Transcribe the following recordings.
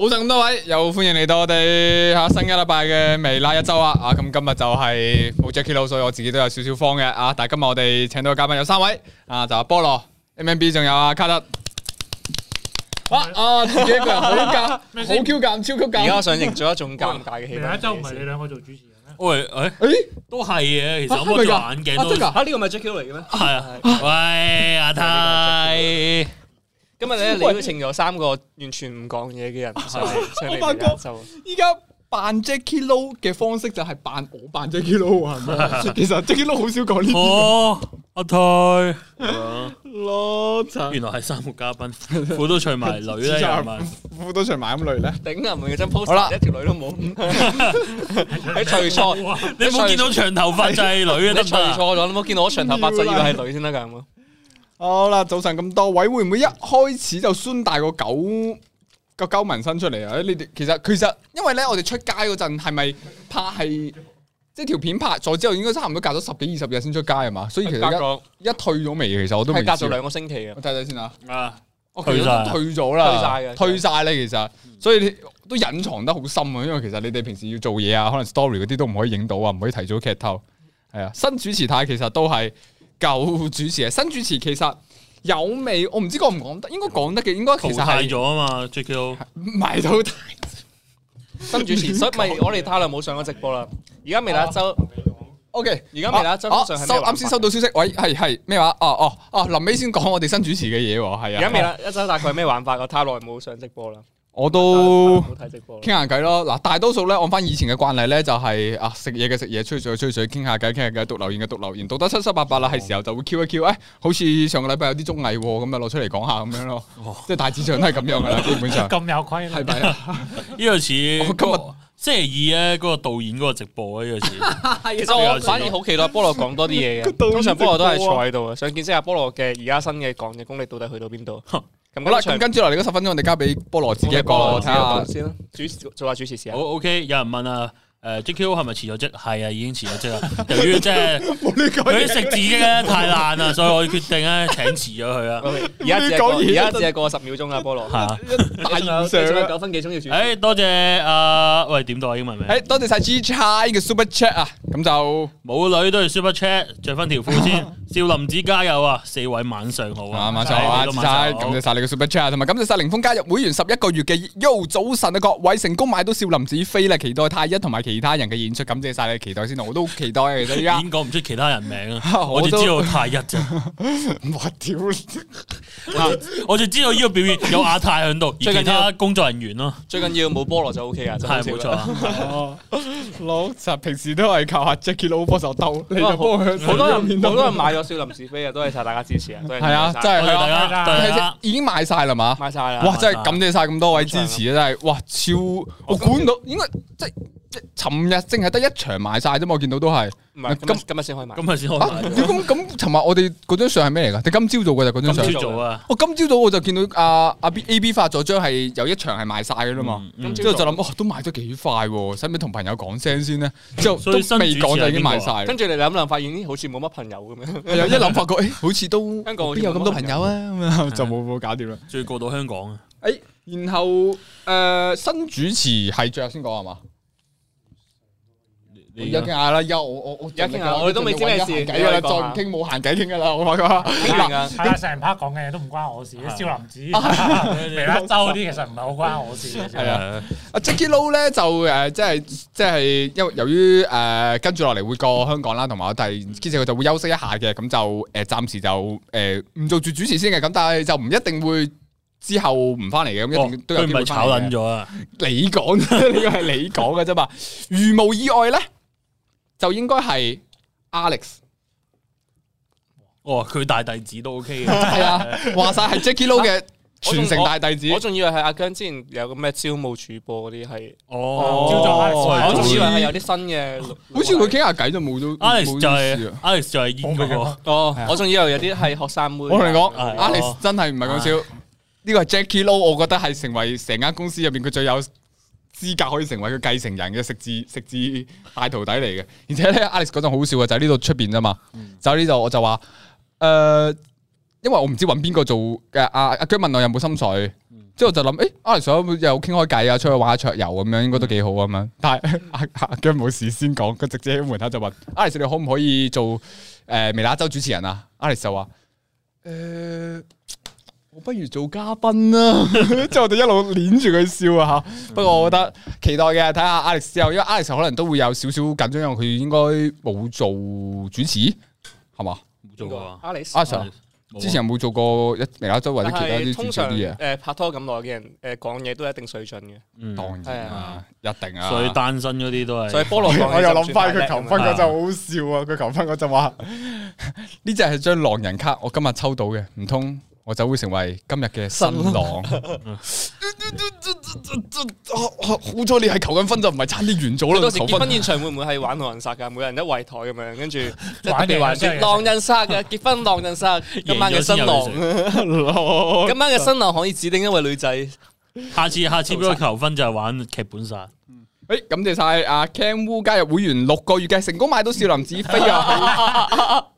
好，早晨咁多位，又歡迎嚟到我哋吓新一禮拜嘅微辣一周啊！啊，咁今日就係冇 Jackie 所以我自己都有少少慌嘅啊！但係今日我哋請到嘅嘉賓有三位啊，就阿、是、菠蘿、MMB，仲有阿、啊、卡特。啊，啊自己一個人好夾，好 Q 夾，超級夾。而家我想迎咗一種尷尬嘅氣氛，第一周唔係你兩個做主持人咩？喂，誒、啊，都係嘅，其實我戴眼鏡呢個咪 Jackie 嚟嘅咩？係啊係。喂，阿泰。今日咧，你都請咗三個完全唔講嘢嘅人。係阿八哥就依家扮 Jackie Lau 嘅方式就係扮我扮 Jackie Lau 係咪？其實 Jackie Lau 好少講呢啲。我阿太，老賊，原來係三個嘉賓，褲都除埋，女啦，褲都除埋咁女咧。頂啊！唔係真 post，一條女都冇。你除錯。你冇見到長頭髮就係女啊。你除錯咗，你冇見到我長頭髮就以為係女先得噶？好啦，早晨咁多位，會唔會一開始就宣大個狗個狗紋身出嚟啊？你哋其實其實，因為咧我哋出街嗰陣，係咪拍係即係條片拍咗之後，應該差唔多隔咗十幾二十日先出街係嘛？所以其實一退咗未，其實我都係隔咗兩個星期嘅。我睇睇先啊，啊 Okay,，我退咗啦，退晒退晒咧其實，所以都隱藏得好深啊。因為其實你哋平時要做嘢啊，可能 story 嗰啲都唔可以影到啊，唔可以提早劇透。係啊，新主持泰其實都係。舊主持啊，新主持其實有味，我唔知講唔講得，應該講得嘅，應該其實係大咗啊嘛，J K O，唔係大。 新主持， 主持所以咪 我哋太耐冇上過直播啦。而家未啦，啊、未一周，O K，而家未啦，一周、啊啊、收啱先收到消息，喂，係係咩話？哦哦哦，臨尾先講我哋新主持嘅嘢。係啊，而家未啦，一周大概係咩玩法？ 我太耐冇上直播啦。我都傾下偈咯。嗱，大多數咧按翻以前嘅慣例咧，就係啊食嘢嘅食嘢，吹水吹水，傾下偈傾下偈，讀留言嘅讀留言，讀得七七八八啦，係時候就會 Q 一 Q，哎，好似上個禮拜有啲綜藝咁啊，攞出嚟講下咁樣咯。即係大致上都係咁樣噶啦，基本上。咁有規律。係咪？呢個似今日星期二咧，嗰個導演嗰個直播啊，呢個似。其實我反而好期待菠蘿講多啲嘢嘅，通常菠蘿都係坐喺度，想見識下菠蘿嘅而家新嘅講嘅功力到底去到邊度。好啦，咁跟住落嚟嗰十分鐘，我哋交俾菠蘿自己一個睇下先，主做下主持先。好 OK，有人問啊，誒，GQ 係咪辭咗職？係啊，已經辭咗職啦。由於即係佢食紙嘅太爛啦，所以我決定咧請辭咗佢啦。而家只而家只係過十秒鐘啦，菠蘿。係。大五上。仲有九分幾鐘要轉。誒，多謝阿，喂，點讀啊，英文咩？誒，多謝晒 G Chill 嘅 Super Chat 啊，咁就冇女都要 Super Chat，着翻條褲先。少林寺加油啊！四位晚上好啊，晚上好啊，感謝晒你嘅 super chat，同埋感謝晒凌峰加入會員十一個月嘅，喲早晨啊各位，成功買到少林寺飛啦，期待太一同埋其他人嘅演出，感謝晒你期待先，我都好期待，其實而家點講唔出其他人名啊，我就知道太一咋，我我就知道呢個表演有阿泰喺度，而其他工作人員咯，最緊要冇菠蘿就 ok 啊，真係冇錯，老實平時都係靠阿 jackie 老婆手兜，好多人好多人買。少林是非啊，多謝晒大家支持啊，係啊，真係晒大家，已經買晒啦嘛，買晒啦，哇，真係感謝晒咁多位支持啊，真係，哇，超，我估唔到，應該即係。尋日淨係得一場賣晒啫嘛，我見到都係。唔係今今日先可以賣，今日先開賣。咁咁，尋日我哋嗰張相係咩嚟噶？就今朝做噶就嗰張相。我今朝早我就見到阿阿 B A B 發咗張係有一場係賣晒噶啦嘛。之後就諗哦，都賣得幾快喎，使唔使同朋友講聲先呢？之後都未講就已經賣晒。跟住你諗諗，發現呢好似冇乜朋友咁樣。一諗發覺，誒，好似都香港邊有咁多朋友啊？就冇冇搞掂啦。仲要過到香港。誒，然後誒，新主持係最後先講係嘛？又傾下啦，又我我我，又傾下，我都未知咩事，唔計啦，再傾冇閒偈傾噶啦，我話佢，係啊，成 part 講嘅嘢都唔關我事，笑林寺、微辣周嗰啲其實唔係好關我事嘅啫。係啊，阿 Jiki Low 咧就誒，即係即係因由於誒跟住落嚟會過香港啦，同埋我第，跟住佢就會休息一下嘅，咁就誒暫時就誒唔做住主持先嘅，咁但係就唔一定會之後唔返嚟嘅，咁都都唔係炒卵咗啊？你講呢個係你講嘅啫嘛？如無意外咧。就應該係 Alex，哦，佢大弟子都 OK 嘅，係啊，話晒係 Jackie Lau 嘅傳承大弟子，我仲以為係阿姜之前有個咩招募主播嗰啲係哦，我仲以為係有啲新嘅，好似佢傾下偈都冇咗。Alex 就係 Alex 就係演，冇哦，我仲以為有啲係學生妹，我同你講 Alex 真係唔係講笑，呢個係 Jackie Lau，我覺得係成為成間公司入邊佢最有。資格可以成為佢繼承人嘅食字食字大徒弟嚟嘅，而且咧 Alex 嗰陣好笑嘅就喺呢度出邊啫嘛，就呢度、嗯、我就話，誒、呃，因為我唔知搵邊個做嘅，阿、啊、阿、啊、姜問我有冇心水，嗯、之後就諗，誒，Alex 想有傾開偈啊，出去玩下桌遊咁樣，應該都幾好咁樣，但係阿阿姜冇事先講，佢直接喺門口就問 Alex 你可唔可以做誒微辣周主持人啊？Alex、啊、就話，誒、啊。不如做嘉賓啦，即係我哋一路捻住佢笑啊！吓，不過我覺得期待嘅，睇下 Alex 之後，因為 Alex 可能都會有少少緊張，因為佢應該冇做主持，係嘛？冇做過 Alex，Alex 之前有冇做過一其他周圍啲其他啲主持啲嘢？誒，拍拖咁耐嘅人，誒，講嘢都一定水準嘅，當然啊，一定啊。所以單身嗰啲都係，所以菠蘿我又諗翻佢求婚，嗰陣好笑啊！佢求婚，嗰陣話呢只係張狼人卡，我今日抽到嘅，唔通？我就會成為今日嘅新郎。 啊、好彩你係求緊婚就唔係差啲完咗啦。當時結婚現場會唔會係玩狼人殺噶每人一圍台咁樣，跟住玩別玩狼人殺嘅結婚狼人殺。人殺 今晚嘅新郎，今晚嘅新郎可以指定一位女仔。 下次下次俾我求婚就係玩劇本殺。誒、 欸，感謝晒阿 Ken Wu 加入會員六個月嘅成功買到笑林寺飛啊！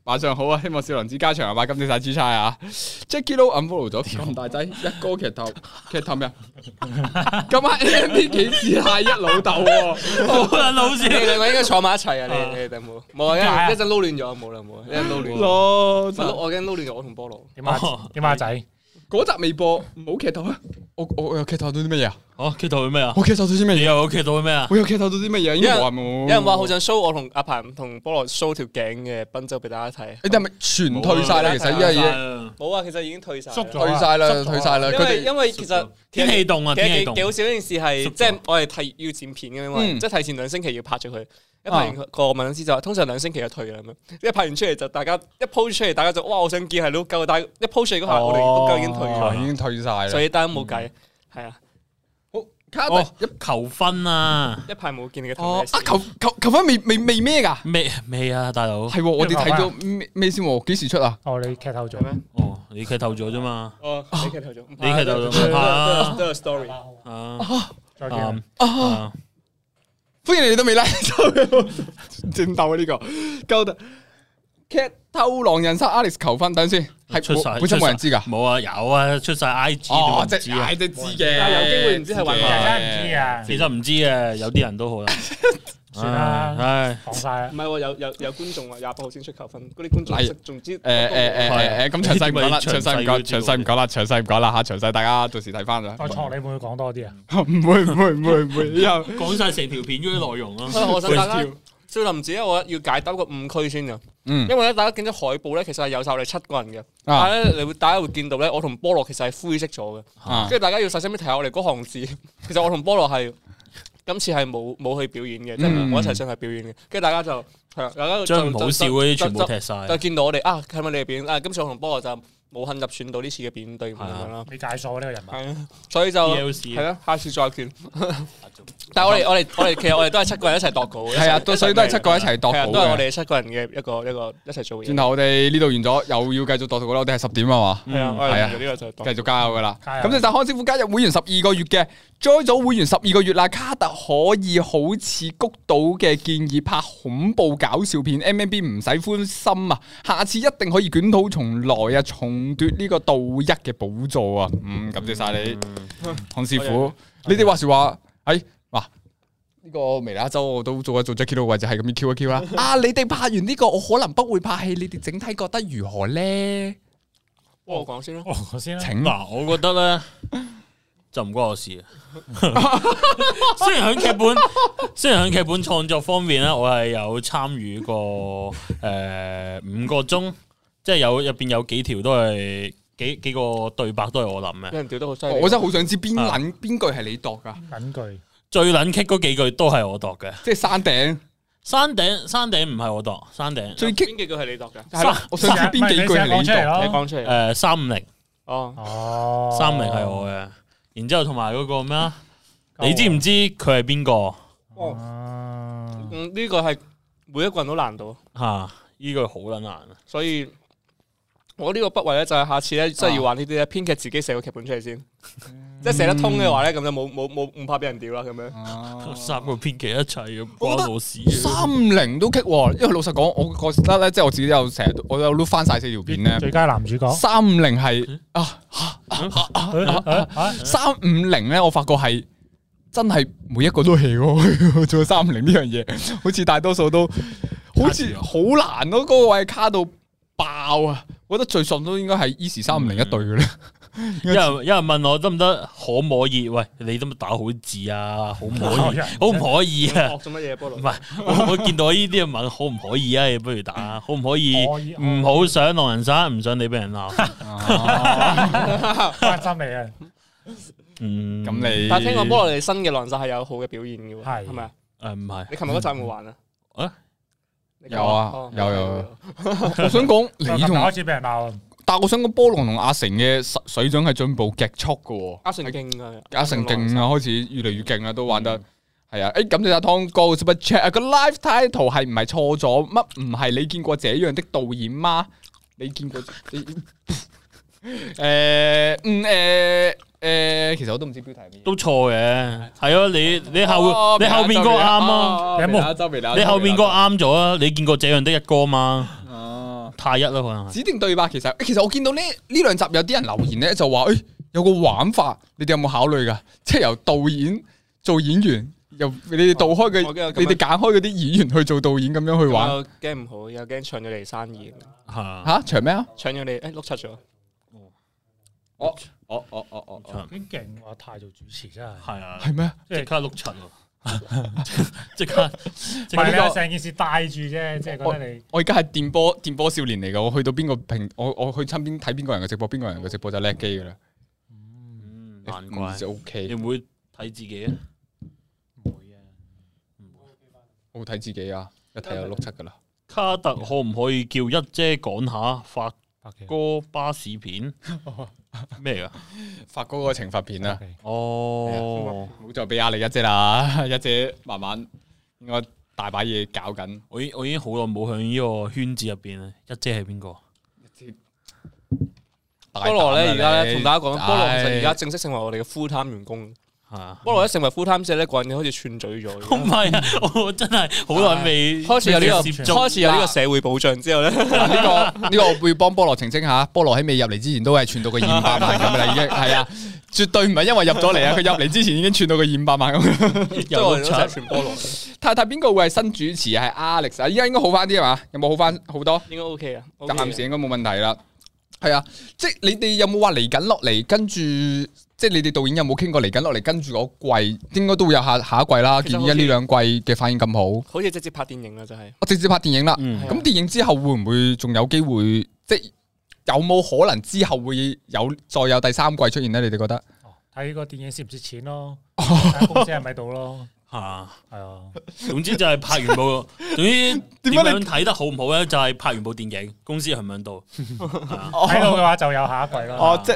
晚上好啊，希望笑林寺加場啊，買金子晒豬差啊，Jackie unfollow 咗咁大仔，一哥劇透劇透咩啊？今晚呢幾時吓一老豆？好啦，老你細，我應該坐埋一齊啊，你你哋冇，冇啊，一陣撈亂咗，冇啦，冇一陣撈亂，我驚撈亂，我同菠蘿，點啊？點啊？仔，嗰集未播，唔好劇透啊！我我又劇透到啲乜嘢啊？我企到佢咩啊？我企到啲咩嘢啊？我企到咗咩啊？我又企到到啲咩嘢？因為有人話好想 show 我同阿鵬同菠蘿 show 條頸嘅奔走俾大家睇，你哋係咪全退晒啦？其實因嘢？冇啊，其實已經退晒，退晒啦，退晒啦。因為其實天氣凍啊，天氣凍。幾好笑呢件事係，即係我哋提要剪片嘅，因為嘛，即係提前兩星期要拍咗佢。一拍完個紋身師就話，通常兩星期就退啦咁樣。一拍完出嚟就大家一 post 出嚟，大家就哇，我想見係你屋狗，但一 post 出嚟嗰下，我哋屋已經退已經退晒，所以大家冇計。係啊。一求婚啊！一排冇見你嘅頭啊！求求求婚未未未咩噶？未未啊，大佬。係，我哋睇咗咩先？幾時出啊？哦，你劇透咗。咩？哦，你劇透咗啫嘛。哦，你劇透咗，你劇透咗。都係 story。啊，再見。啊，忽然你都沒嚟，正斗呢個，搞得。Cat 偷狼人殺 Alex 求婚等先係出晒，有冇人知噶？冇啊，有啊，出晒 IG 都唔知啊，有啲人唔知係搵人知啊，其實唔知啊，有啲人都好啦。算啦，唉，講晒唔係，有有有觀眾話廿八號先出求婚，嗰啲觀眾識，仲知誒誒誒咁詳細唔講啦，詳細唔講，詳細唔講啦，詳細唔講啦吓，詳細大家到時睇翻啦。阿泰你會唔會講多啲啊？唔會唔會唔會唔會，講晒成條片嗰啲內容啦。我想笑林寺咧，我要解答個誤區先㗎，因為咧大家見到海報咧，其實係有曬我哋七個人嘅，但係咧你會大家會見到咧，我同菠蘿其實係灰色咗嘅，跟住大家要細心啲睇下我哋嗰行字，其實我同菠蘿係今次係冇冇去表演嘅，即係唔係一齊上去表演嘅，跟住大家就係將唔好笑嗰啲全部踢曬，就見到我哋啊，係咪你哋表演？誒今次我同菠蘿就。冇肯入選到呢次嘅辯隊咁樣啦，未解鎖呢個人物，啊、所以就係啊，下次再選。但係我哋我哋我哋其實我哋都係七個人一齊度稿嘅，係啊，所以都係七個人一齊度稿，都係我哋七個人嘅一個一個一齊做嘢。然後我哋呢度完咗，又要繼續度稿啦。我哋係十點啊嘛，係啊、嗯，呢個就繼續加油㗎喇。咁就但康師傅加入會員十二個月嘅 join 咗會員十二個月啦。卡特可以好似谷到嘅建議拍恐怖搞笑片，MMB 唔使灰心啊！下次一定可以捲土重來啊！重爭奪呢個道一嘅寶座啊！嗯，感謝晒你，洪、嗯、師傅。以你哋話時話，喺的、哎、哇呢個微辣州我都做一做即 a c k i 位置，係咁樣 Q 一 Q 啦。啊，你哋拍完呢、這個，我可能不會拍戲。你哋整體覺得如何咧？哇我講先啦，我講先啦。請嗱、啊，我覺得咧就唔關我事。 雖然喺劇本，雖然喺劇本創作方面咧，我係有參與過誒五、呃、個鐘。即係有入邊有幾條都係幾幾個對白都係我諗嘅，有人調得好犀利。我真係好想知邊諗邊句係你度噶。緊句最撚棘嗰幾句都係我度嘅，即係山頂。山頂山頂唔係我度，山頂最棘邊幾句係你度嘅。係嘛？我想知邊幾句你度，你講出嚟。誒，三五零哦，三五零係我嘅。然之後同埋嗰個咩啊？你知唔知佢係邊個？呢個係每一個人都難到吓，呢句好撚難，所以。我呢個不諱咧，就係下次咧，真係要玩呢啲咧，編劇自己寫個劇本出嚟先，嗯、即係寫得通嘅話咧，咁就冇冇冇唔怕俾人屌啦咁樣。啊啊、三個編劇一齊咁，我，我覺得三五零都棘，因為老實講，我覺得咧，即係我自己有成日，我又 look 翻晒四條片咧。最佳男主角。三五零係啊三五零咧，我發覺係真係每一個都係喎，做三五零呢樣嘢，好似大多數都好似好難咯、啊，嗰、嗰個位卡到爆啊！我覺得最順都應該係 E 時三五零一隊嘅咧，一人一人問我得唔得，可唔可以？喂，你都打好字啊，可唔可以？可唔可以啊？學做乜嘢，菠蘿？唔係我見到呢啲問可唔可以啊？你不如打可唔可以？唔好上狼人山，唔想你俾人鬧。狼殺未啊？嗯，咁你？但係聽講菠蘿啲新嘅狼人係有好嘅表現嘅喎，係咪啊？誒，唔係。你琴日嗰陣有冇玩啊？啊？啊有啊，哦、有，有有。 我，我想講，你同 開始俾人鬧。但係我想講，菠蘿同阿成嘅水水準係進步極速嘅。阿成係勁啊，阿成勁啊，啊開始越嚟越勁啊，都玩得係、嗯、啊。誒、欸，咁你阿湯哥，使 check、啊、個 live title 係唔係錯咗？乜唔係你見過這樣的導演嗎？你見過你？誒、 欸，嗯，誒、欸。嗯欸誒，其實我都唔知標題係咩，都錯嘅，係咯，你你後你後邊個啱啊，你後邊個啱咗啊，你見過這樣的一哥嗎？嘛？太一啦，可能指定對吧？其實其實我見到呢呢兩集有啲人留言咧，就話誒，有個玩法，你哋有冇考慮噶？即係由導演做演員，由你哋導開嘅，你哋揀開嗰啲演員去做導演咁樣去玩。驚唔好，又驚搶咗你生意。吓吓搶咩啊？搶咗你誒碌柒咗。我。哦哦哦哦，幾勁啊！泰做主持真係，係啊，係咩啊？即刻碌七，即刻成件事帶住啫，即係覺得你我而家係電波電波少年嚟噶，我去到邊個平，我我去親邊睇邊個人嘅直播，邊個人嘅直播就叻機噶啦，難怪就 OK，你唔會睇自己啊？唔會啊，我會睇自己啊，一睇就碌七噶啦。卡特可唔可以叫一姐講下發哥巴士片？咩噶？發哥嗰個懲罰片啊。哦 Okay .、oh. 哎，好再俾壓力一姐啦，一姐慢慢應該大把嘢搞緊。我已我已經好耐冇響呢個圈子入邊啦。一姐係邊個？一姐，菠蘿咧而家咧同大家講，菠蘿其實而家正式成為我哋嘅 full time 員工。菠蘿一成為 full time 之後咧，個人開始串嘴咗。唔係啊，我真係好耐未開始有呢個開始有呢個社會保障之後咧，呢個呢個我會幫菠蘿澄清下，菠蘿喺未入嚟之前都係串到個二五百萬咁噶啦，已經係啊，絕對唔係因為入咗嚟啊，佢入嚟之前已經串到個二五百萬咁。又想食全菠蘿。太太邊個會係新主持？係 Alex 啊，依家應該好翻啲啊嘛？有冇好翻好多？應該 OK 啊，暫時應該冇問題啦。係啊，即係你哋有冇話嚟緊落嚟跟住？即係你哋導演有冇傾過嚟緊落嚟跟住嗰季，應該都會有下下一季啦。見而家呢兩季嘅反應咁好，好似直接拍電影啦，就係我直接拍電影啦。咁電影之後會唔會仲有機會？即係有冇可能之後會有再有第三季出現呢？你哋覺得睇個電影蝕唔蝕錢咯？公司喺咪到度咯？啊，係啊，總之就係拍完部，總之點樣睇得好唔好咧？就係拍完部電影，公司喺唔喺度？睇到嘅話就有下一季咯。哦，即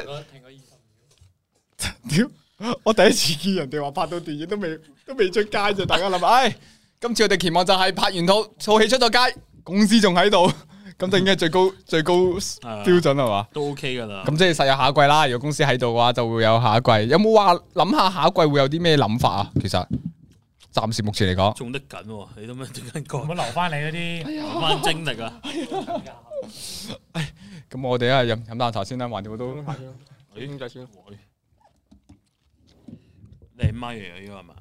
我第一次見人哋話拍到電影都未都未出街，就大家諗下，哎，今次我哋期望就係拍完套套戲出咗街，公司仲喺度，咁就應該最高最高標準係嘛，都 OK 噶啦。咁即係實有下一季啦，如果公司喺度嘅話，就會有下一季。有冇話諗下下一季會有啲咩諗法啊？其實暫時目前嚟講，仲得緊，你做咩最近留翻你嗰啲，留翻精力啊！哎，咁我哋一係飲飲啖茶先啦，橫掂我都你買樣嘢係嘛？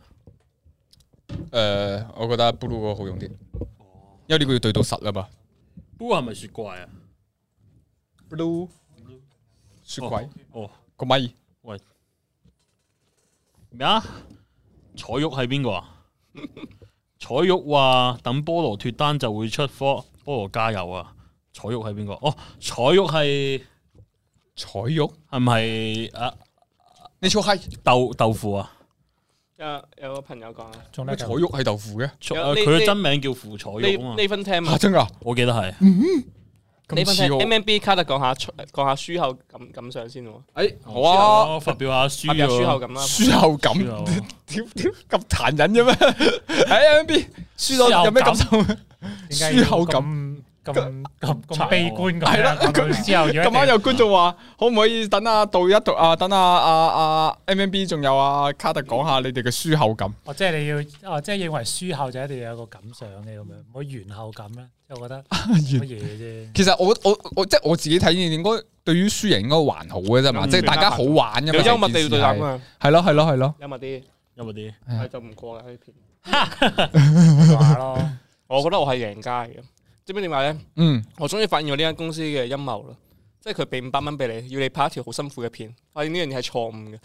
誒、呃，我覺得 blue 個好用啲，因為呢個要對到實啊嘛。blue 係咪雪怪啊？blue, blue. 雪怪哦，咁、哦、咪麥喂，咩啊？彩玉係邊個啊？ 彩玉話等菠蘿脫單就會出貨，菠蘿加油啊！彩玉係邊個？哦，彩玉係彩玉係咪？係、啊、你超嗨豆豆腐啊？誒，有個朋友講啊，仲彩玉係豆腐嘅，佢嘅真名叫傅彩玉啊嘛。呢份聽啊，真噶，我記得係。呢份聽 MMB 卡得講下，講下輸後感感想先喎。誒，好啊，發表下輸啊，輸後感啦，輸後感，點點咁殘忍嘅咩？喺 MMB 輸咗有咩感受？輸後感。咁咁咁悲觀嘅係啦，今晚有觀眾話，可唔可以等阿杜一讀啊？等阿阿阿 MMB，仲有阿卡特講下你哋嘅輸後感。哦，即係你要，即係認為輸後就一定要有個感想嘅咁樣，唔可以完後感咧。我覺得乜嘢啫？其實我我我即係我自己睇嘢，應該對於輸贏應該還好嘅啫嘛，即係大家好玩有幽默啲要對答啊嘛，係咯係咯係咯。幽默啲，幽默啲，就唔過嘅呢片。咯，我覺得我係贏家嘅。知唔知點解咧？呢，嗯，我終於發現咗呢間公司嘅陰謀啦！即係佢俾五百蚊俾你，要你拍一條好辛苦嘅片，發現錯誤。 呢樣嘢係錯誤嘅。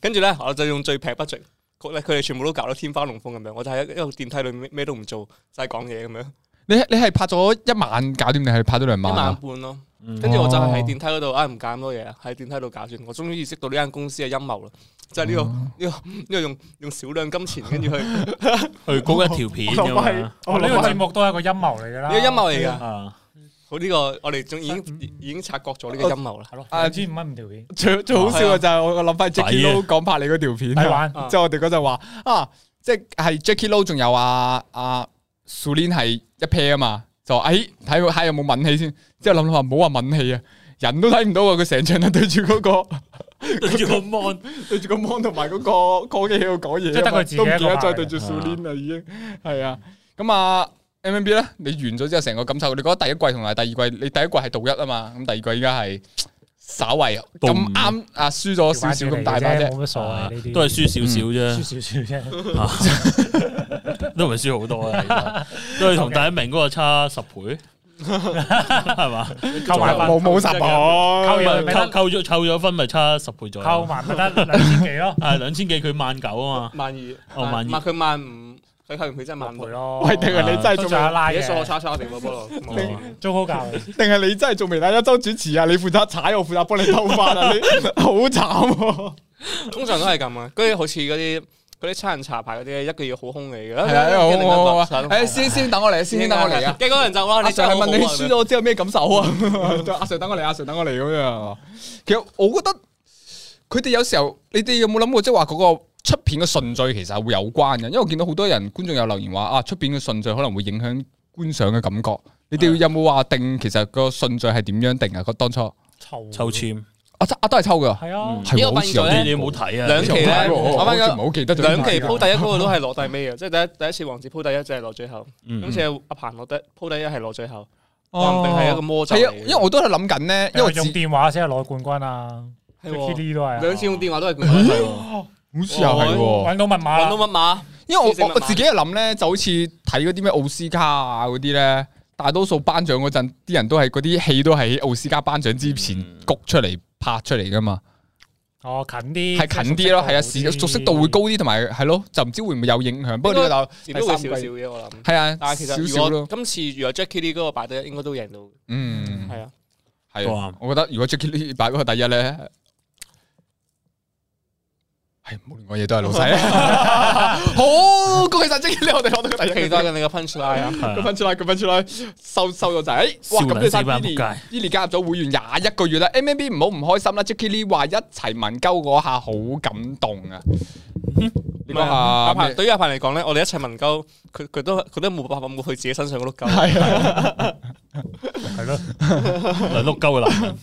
跟住咧，我就用最平 budget，佢哋全部都搞到天花龍鳳咁樣，我就喺一個電梯裏面咩都唔做，晒係講嘢咁樣。你你係拍咗一晚搞掂定係拍咗兩晚？一晚半咯、啊。跟住我就係喺電梯嗰度唉，唔揀咁多嘢，喺電梯度搞算，我終於意識到呢間公司嘅陰謀啦，就係呢個呢個呢個用用少量金錢跟住去去搞一條片咁啊！呢個節目都係一個陰謀嚟噶啦，呢個陰謀嚟噶。好呢個，我哋仲已經已經察覺咗呢個陰謀啦。係咯，千五蚊一條片。最最好笑嘅就係我諗翻 Jackie Lau 講拍你嗰條片，即係我哋嗰陣話啊，即係 Jackie Lau 仲有啊，阿 Sulian 係一 pair 啊嘛。就誒睇下有冇吻戲先，之後諗諗話唔好話吻戲啊，人都睇唔到啊，佢成場都對住嗰、嗰個 對住個 mon 對住個 mon 同埋嗰個講嘢喺度講嘢，即係得佢自己都唔記得再對住少年啦已經。係啊，咁啊 M M B 咧，你完咗之後成個感受，你覺得第一季同埋第二季，你第一季係倒一啊嘛，咁第二季依家係。稍為咁啱啊，輸咗少少咁大把啫，冇乜傻啊呢啲，都係輸少少啫，輸少少啫，都唔係輸好多啊，都係同第一名嗰個差十倍，係嘛？扣埋冇冇十倍，扣扣咗扣咗分咪差十倍左右，扣埋咪得兩千幾咯，係兩千幾佢萬九啊嘛，萬二哦萬二，佢萬五。佢唔會真係問佢咯，定係你真係做咩拉啲鎖鎖叉叉定乜波咯？中高價定係你真係做未？微辣一周主持啊？你負責踩，我負責幫你偷翻啊！你好慘，通常都係咁啊。跟住好似嗰啲嗰啲差人茶牌嗰啲，一個月好空氣嘅。係啊，好啊，好啊。誒，先先等我嚟，先等我嚟啊！幾人就我嚟啊？阿 Sir 問你輸咗之後咩感受啊？阿 Sir 等我嚟，阿 Sir 等我嚟咁樣。其實我覺得佢哋有時候，你哋有冇諗過即係話嗰個？出片嘅順序其實會有關嘅，因為我見到好多人觀眾有留言話啊出片嘅順序可能會影響觀賞嘅感覺。你哋有冇話定其實個順序係點樣定啊？佢當初抽抽簽，啊都係抽噶。係啊，呢個順序你冇睇啊。兩期咧，我唔係好記得，兩期鋪第一嗰個都係落低尾嘅，即係第一次王子鋪第一就係落最後，好似阿彭落得鋪第一係落最後，一定係一個魔咒。因為我都係諗緊呢，因為用電話先係攞冠軍啊，兩次用電話都係冠軍。好似又係喎，搵到密碼，搵到密碼。因為我我自己係諗咧，就好似睇嗰啲咩奧斯卡啊嗰啲咧，大多數頒獎嗰陣，啲人都係嗰啲戲都喺奧斯卡頒獎之前焗出嚟拍出嚟噶嘛。哦，近啲係近啲咯，係啊，視熟悉度會高啲，同埋係咯，就唔知會唔會有影響。不過你話，應該會少少嘅，我諗。係啊，但係其實少少咯，今次如果 Jackie Lee 嗰個擺第一，應該都贏到。嗯，係啊，係。我覺得如果 Jackie Lee 擺嗰個第一咧。講嘢都係老細。好，恭喜晒 Jicky Lee，我哋我哋攞到個第七。你個 punchline 啊，個 punchline，個 punchline，收收咗仔，哇，咁你三 B 連，B 連加入咗會員廿一個月啦，MMB 唔好唔開心啦，Jicky Lee 話一齊文鳩嗰下好感動啊。阿鵬，對於阿鵬嚟講咧，我哋一齊紋鳩，佢佢都佢都冇辦法抹去自己身上嗰碌鳩，係咯，兩碌鳩啦。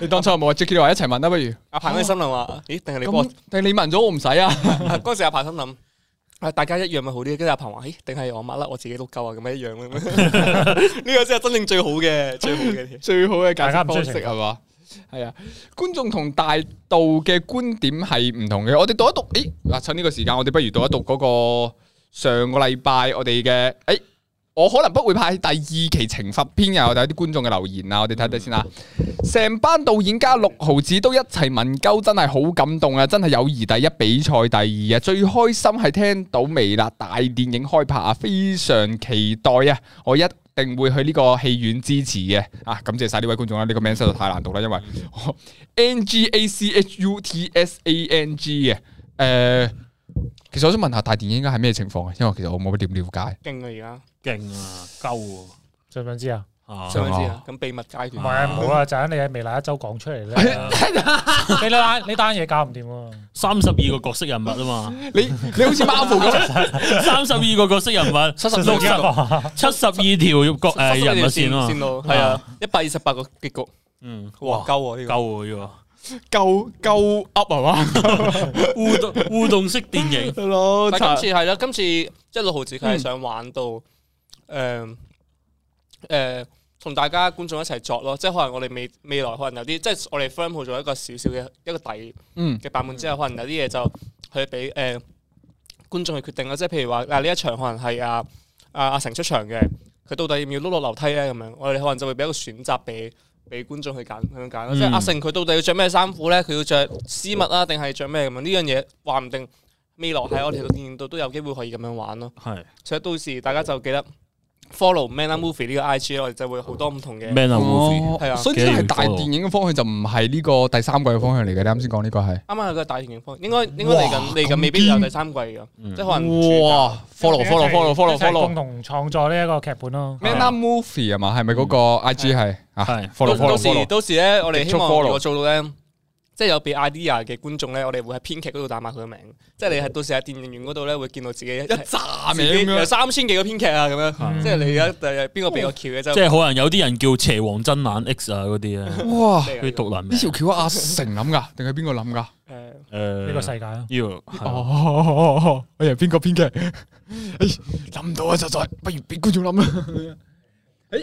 你當初有冇話 Jackie 話一齊紋啊？不如阿鵬喺心諗話，咦？定係你過？定你紋咗我唔使啊？嗰時阿鵬心諗，啊，大家一樣咪好啲。跟住阿鵬話，咦？定係我抹甩我自己碌鳩啊？咁樣一樣呢個先係真正最好嘅，最好嘅，最好嘅，大家唔追係嘛？係啊，觀眾同大道嘅觀點係唔同嘅。我哋讀一讀，誒，嗱，趁呢個時間，我哋不如讀一讀嗰、嗰個上個禮拜我哋嘅，誒，我可能不會拍第二期懲罰篇，啊。我哋有啲觀眾嘅留言啊，我哋睇睇先啊。成班導演加六毫子都一齊問鳩，真係好感動啊！真係友誼第一，比賽第二啊！最開心係聽到微辣大電影開拍啊，非常期待啊！我一。定會去呢個戲院支持嘅啊！感謝晒呢位觀眾啦，呢、呢個名實在太難讀啦，因為、哦、N G A C H U T S A N G 嘅。誒，其實我想問下大電影應該係咩情況啊？因為其實我冇乜點了解。勁啊！而家勁啊！夠，想唔想知啊？上知啊，咁秘密階段唔係啊，冇啊，就係你喺未來一周講出嚟咧。你呢單嘢搞唔掂喎，三十二個角色人物啊嘛，你你好似 Marvel 咁，三十二個角色人物，六七七十二條角誒人物先咯，係啊，一百二十八個結局，嗯，哇，夠啊呢個，夠啊呢個，夠夠 up 係嘛，互動互動式電影咯。但係今次係啦，今次一係六毫子，佢係想玩到誒誒。同大家觀眾一齊作咯，即係可能我哋未未來可能有啲，即係我哋 frame 咗一個小小嘅一個底嘅版本之後，可能有啲嘢就去俾誒、呃、觀眾去決定咯。即係譬如話，嗱、啊、呢一場可能係阿阿成出場嘅，佢到底要唔要碌落樓梯呢？咁樣我哋可能就會俾一個選擇俾俾觀眾去揀咁樣、嗯、即係阿成佢到底要着咩衫褲呢？佢要着絲襪啊，定係着咩咁啊？呢樣嘢話唔定未來喺我哋嘅電影度都有機會可以咁樣玩咯。係是，所以到時大家就記得。follow《Manam Movie》呢個 IG 咯，我哋就會好多唔同嘅哦，係啊，所以即係大電影嘅方向就唔係呢個第三季嘅方向嚟嘅。你啱先講呢個係啱啱係個大電影方向應該應該嚟緊嚟緊，未必有第三季嘅，即係可能哇，follow follow follow follow follow 共同創作呢一個劇本咯，《Manam Movie》係嘛？係咪嗰個 IG 係啊？係。到到時到時咧，我哋希望我做到咧。即係有俾 idea 嘅觀眾咧，我哋會喺編劇嗰度打埋佢個名。即係你係到時喺電影院嗰度咧，會見到自己一紮名，三千幾個編劇啊，咁樣。嗯、即係你而家第邊個俾個橋嘅？即係可能有啲人叫邪王真眼 X 啊，嗰啲咧。哇！佢毒男名。呢條橋阿成諗噶，定係邊個諗噶？誒誒、呃，呢個世界啊？要哦哦哦哦！哦哦哦哦編劇，哎呀，邊個編劇？諗唔到啊！實在，不如俾觀眾諗啊。哎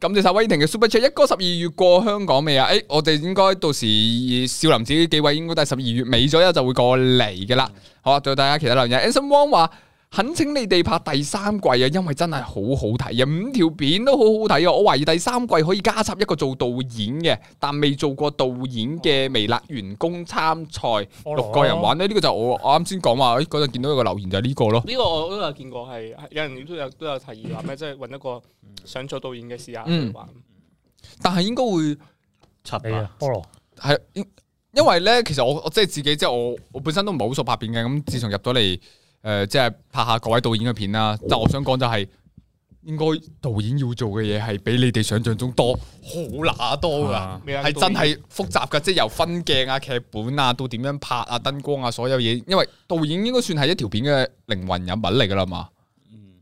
感謝晒威霆嘅 Super Chat。一哥十二月過香港未啊？誒、欸，我哋應該到時少林寺呢幾位應該都係十二月尾左右就會過嚟㗎啦。好啊，到大家其他留言，Anson Wong 話。懇請你哋拍第三季啊！因為真係好好睇啊，五條片都好好睇啊！我懷疑第三季可以加插一個做導演嘅，但未做過導演嘅微辣員工參賽、哦、六個人玩呢、呢、哦、個就我我啱先講話嗰陣見到一個留言就係呢、呢個咯。呢個我都有見過，係有人都有都有提議話咩，即係搵一個想做導演嘅試下。但係應該會插你啊，菠蘿係，因為咧，其實我我即係自己，即係我我本身都唔係好熟拍片嘅，咁自從入咗嚟。誒、呃，即係拍下各位導演嘅片啦。即我想講就係、是，應該導演要做嘅嘢係比你哋想象中多好乸多噶，係、啊、真係複雜噶。即係由分鏡啊、劇本啊，到點樣拍啊、燈光啊，所有嘢。因為導演應該算係一條片嘅靈魂人物嚟噶啦嘛。嗯，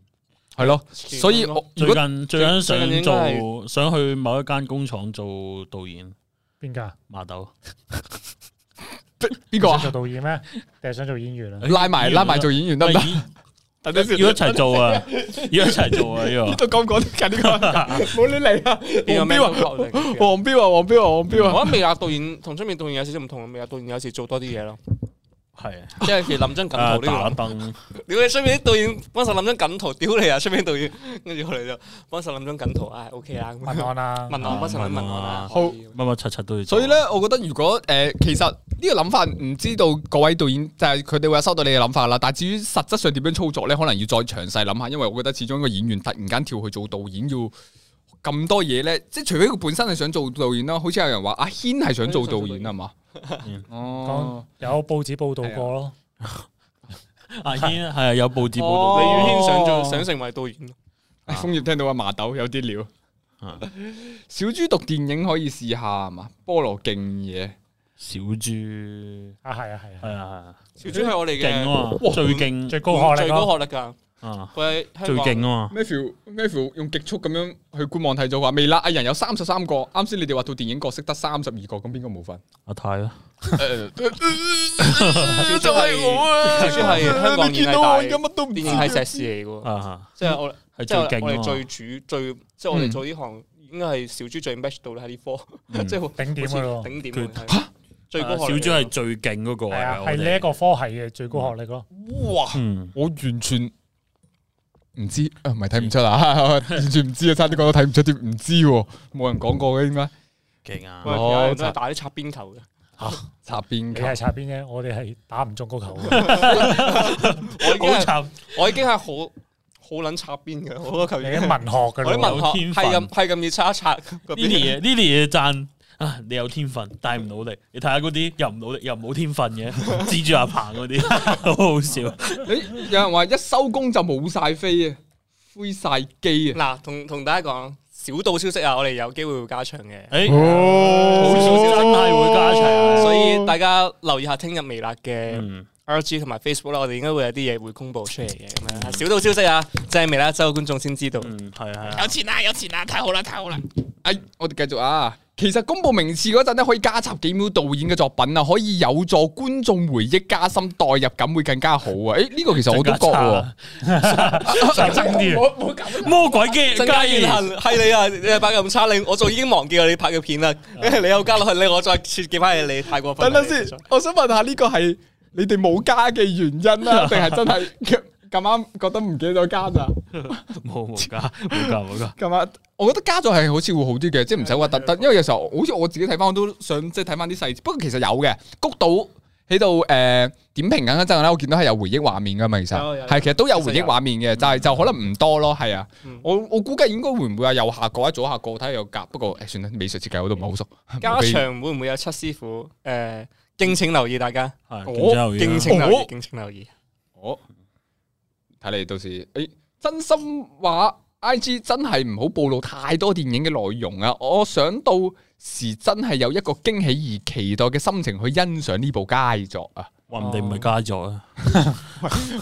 係咯。所以我最近最近想做最想去某一間工廠做導演。邊家？馬豆。 邊個啊？你做導演咩？定係想做演員啊？拉埋拉埋做演員得唔得？大家要一齊做啊！要一齊做啊！呢個都講講近啲講冇亂嚟啊！黃標啊，黃標啊，黃標啊！我微辣導演同出面導演有少少唔同，微辣，導演有時做多啲嘢咯。係啊，即係諗張鏡圖都要打燈。你果出邊啲導演幫手諗張鏡圖，屌你啊，出邊導演跟住佢哋就幫手諗張鏡圖，哎，O K 啦，文案啦，文案，嗰陣文文案啦，好，乜乜柒柒都要。所以咧，我覺得如果誒，其實呢個諗法唔知道各位導演就係佢哋會收到你嘅諗法啦。但係至於實質上點樣操作咧，可能要再詳細諗下，因為我覺得始終一個演員突然間跳去做導演，要咁多嘢咧，即係除非佢本身係想做導演啦。好似有人話阿軒係想做導演，係嘛？哦，有報紙報道過咯，阿軒係啊，有報紙報道。李宇軒想做，想成為導演。哎，楓葉聽到啊，麻豆有啲料。小豬讀電影可以試下係嘛？菠蘿勁嘢。小豬啊，係啊，係啊，係啊，小豬係我哋嘅最勁、最高學歷、最高學歷噶。啊！佢係最勁啊嘛！Matthew 用極速咁樣去官網睇咗話，微辣藝人有三十三個，啱先你哋話套電影角色得三十二個，咁邊個冇份？阿泰咯，就係我啊！小豬係香港我年紀大，電影係碩士嚟噶，即係我，最係我哋最主最，即係我哋做呢行，應該係小豬最 match 到咧喺呢科，即係頂點咯，頂點吓，最高小豬係最勁嗰個，啊，係呢一個科系嘅最高學歷咯。哇！我完全。唔知啊，唔係睇唔出，哈哈 出啊，完全唔知啊，差啲講到睇唔出啲唔知，冇人講過嘅應該。勁啊！我真係打啲擦邊球嘅吓，擦邊。你係擦邊嘅，我哋係打唔中高球。嘅。 我已經係好好捻擦邊嘅，好多球員。你文學噶啦，文學天分。係咁，係咁，要擦一擦呢啲嘢，呢啲嘢讚。 啊！你有天分，但係唔努力。你睇下嗰啲又唔努力，又冇天分嘅，指住 阿鵬嗰啲，好好笑。欸、有人話一收工就冇晒飛啊，灰晒機啊。嗱，同同大家講小道消息啊，我哋有機會會加場嘅。誒，好少消息真係會加場，哦、所以大家留意下聽日微辣嘅 IG 同埋 Facebook 啦，我哋應該會有啲嘢會公布出嚟嘅。咁樣小道消息啊，就係、是、微辣周觀眾先知道。嗯，係啊係有錢啊，有錢啊，太好啦，太好啦。誒、哎，我哋繼續啊。其實公布名次嗰陣咧，可以加插幾秒導演嘅作品啊，可以有助觀眾回憶加深代入感，會更加好啊！誒、欸、呢、這個其實我都覺， 真點魔鬼嘅加言行係你啊！你拍咁差，你我就已經忘記你拍嘅片啦。你又加落去，你我再切記翻你，你，你太過分。等等先，你你我想問下呢個係你哋冇加嘅原因啦，定係真係？咁啱覺得唔記得加咋，冇冇加冇加冇加。咁啱，我覺得加咗係好似會好啲嘅，即係唔使核突得。因為有時候好似我自己睇翻，我都想即係睇翻啲細節。不過其實有嘅，谷到喺度誒點評緊嗰陣我見到係有回憶畫面嘅嘛，其實係其實都有回憶畫面嘅，就係就可能唔多咯。係啊，我我估計應該會唔會啊？右下角啊，左下角睇下有夾，不過算啦，美術設計我都唔係好熟。加場會唔會有七師傅誒？敬請留意大家，係敬請留意，敬請留意，哦。睇嚟到時，誒、欸，真心話，I G 真係唔好暴露太多電影嘅內容啊！我想到時真係有一個驚喜而期待嘅心情去欣賞呢部佳作啊！話唔、哦、定唔係佳作啊！哦、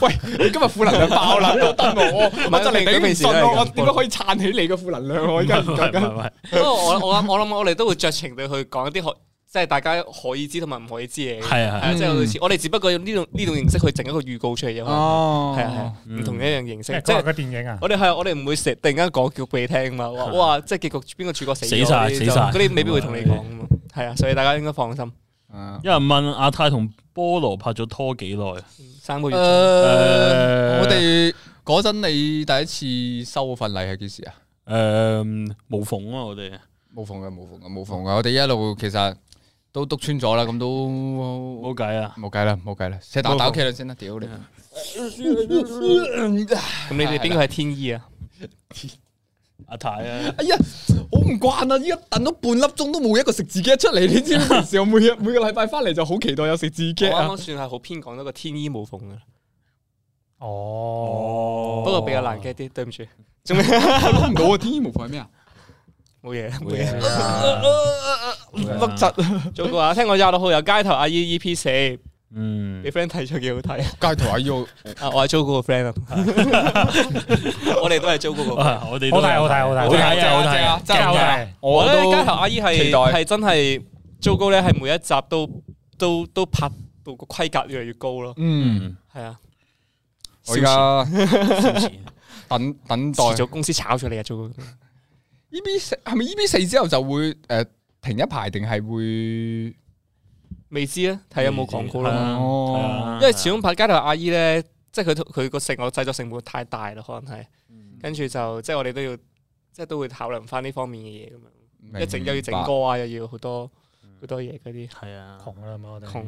喂，你 今日負能量爆啦，都得 我，我， 我就嚟頂唔順、啊、我點解可以撐起你嘅負能量？我而家唔覺得，唔係唔係，不嗯、因為我我我諗我哋都會酌情地去講一啲好。即係大家可以知同埋唔可以知嘅嘢，即係類似。我哋只不過用呢種呢種形式去整一個預告出嚟啫，係啊係，唔同一樣形式。即係個電影啊，我哋係我哋唔會突然間講叫畀你聽嘛，話哇，即係結局邊個主角死晒死晒，嗰啲未必會同你講啊嘛。係啊，所以大家應該放心。有人問阿泰同菠羅拍咗拖幾耐？三個月。我哋嗰陣你第一次收份禮係幾時啊？誒，冇縫啊，我哋冇縫嘅，冇縫嘅，冇縫嘅。我哋一路其實。都篤穿咗啦，咁都冇計啦，冇計啦，冇計啦，先打打機啦先啦，屌你！咁你哋邊個係天衣啊？阿泰啊！哎呀，好唔慣啊！依家等咗半粒鐘都冇一個食自己出嚟，你知唔知？平時我每日每個禮拜翻嚟就好期待有食自己啊！算係好偏講一個天衣無縫嘅，哦，不過比較難 get 啲，對唔住，做咩？攞天衣無縫係咩？冇嘢，冇嘢，碌柒啊！糟糕啊！聽我廿六號有街頭阿姨 EP 四，嗯，俾 friend 睇出幾好睇。街頭阿姨我我係糟糕個 friend 啊，我哋都係糟糕個，我哋都係，好睇好睇好睇真係好睇，真係好睇。街頭阿姨係係真係糟糕咧，係每一集都都都拍到個規格越嚟越高咯。嗯，係啊，我而家等等待咗公司炒出嚟啊，糟糕。E B 四係咪 E B 四之後就會誒、呃、停一排定係會未知，有有未知啊？睇有冇廣告啦？因為始終拍街頭阿姨呢，即係佢佢個成個製作成本太大啦，可能係，嗯、跟住就即係我哋都要，即係都會考量翻呢方面嘅嘢咁樣，一整又要整歌要、嗯、啊，又要好多好多嘢嗰啲，係啊，窮啦嘛，我哋窮。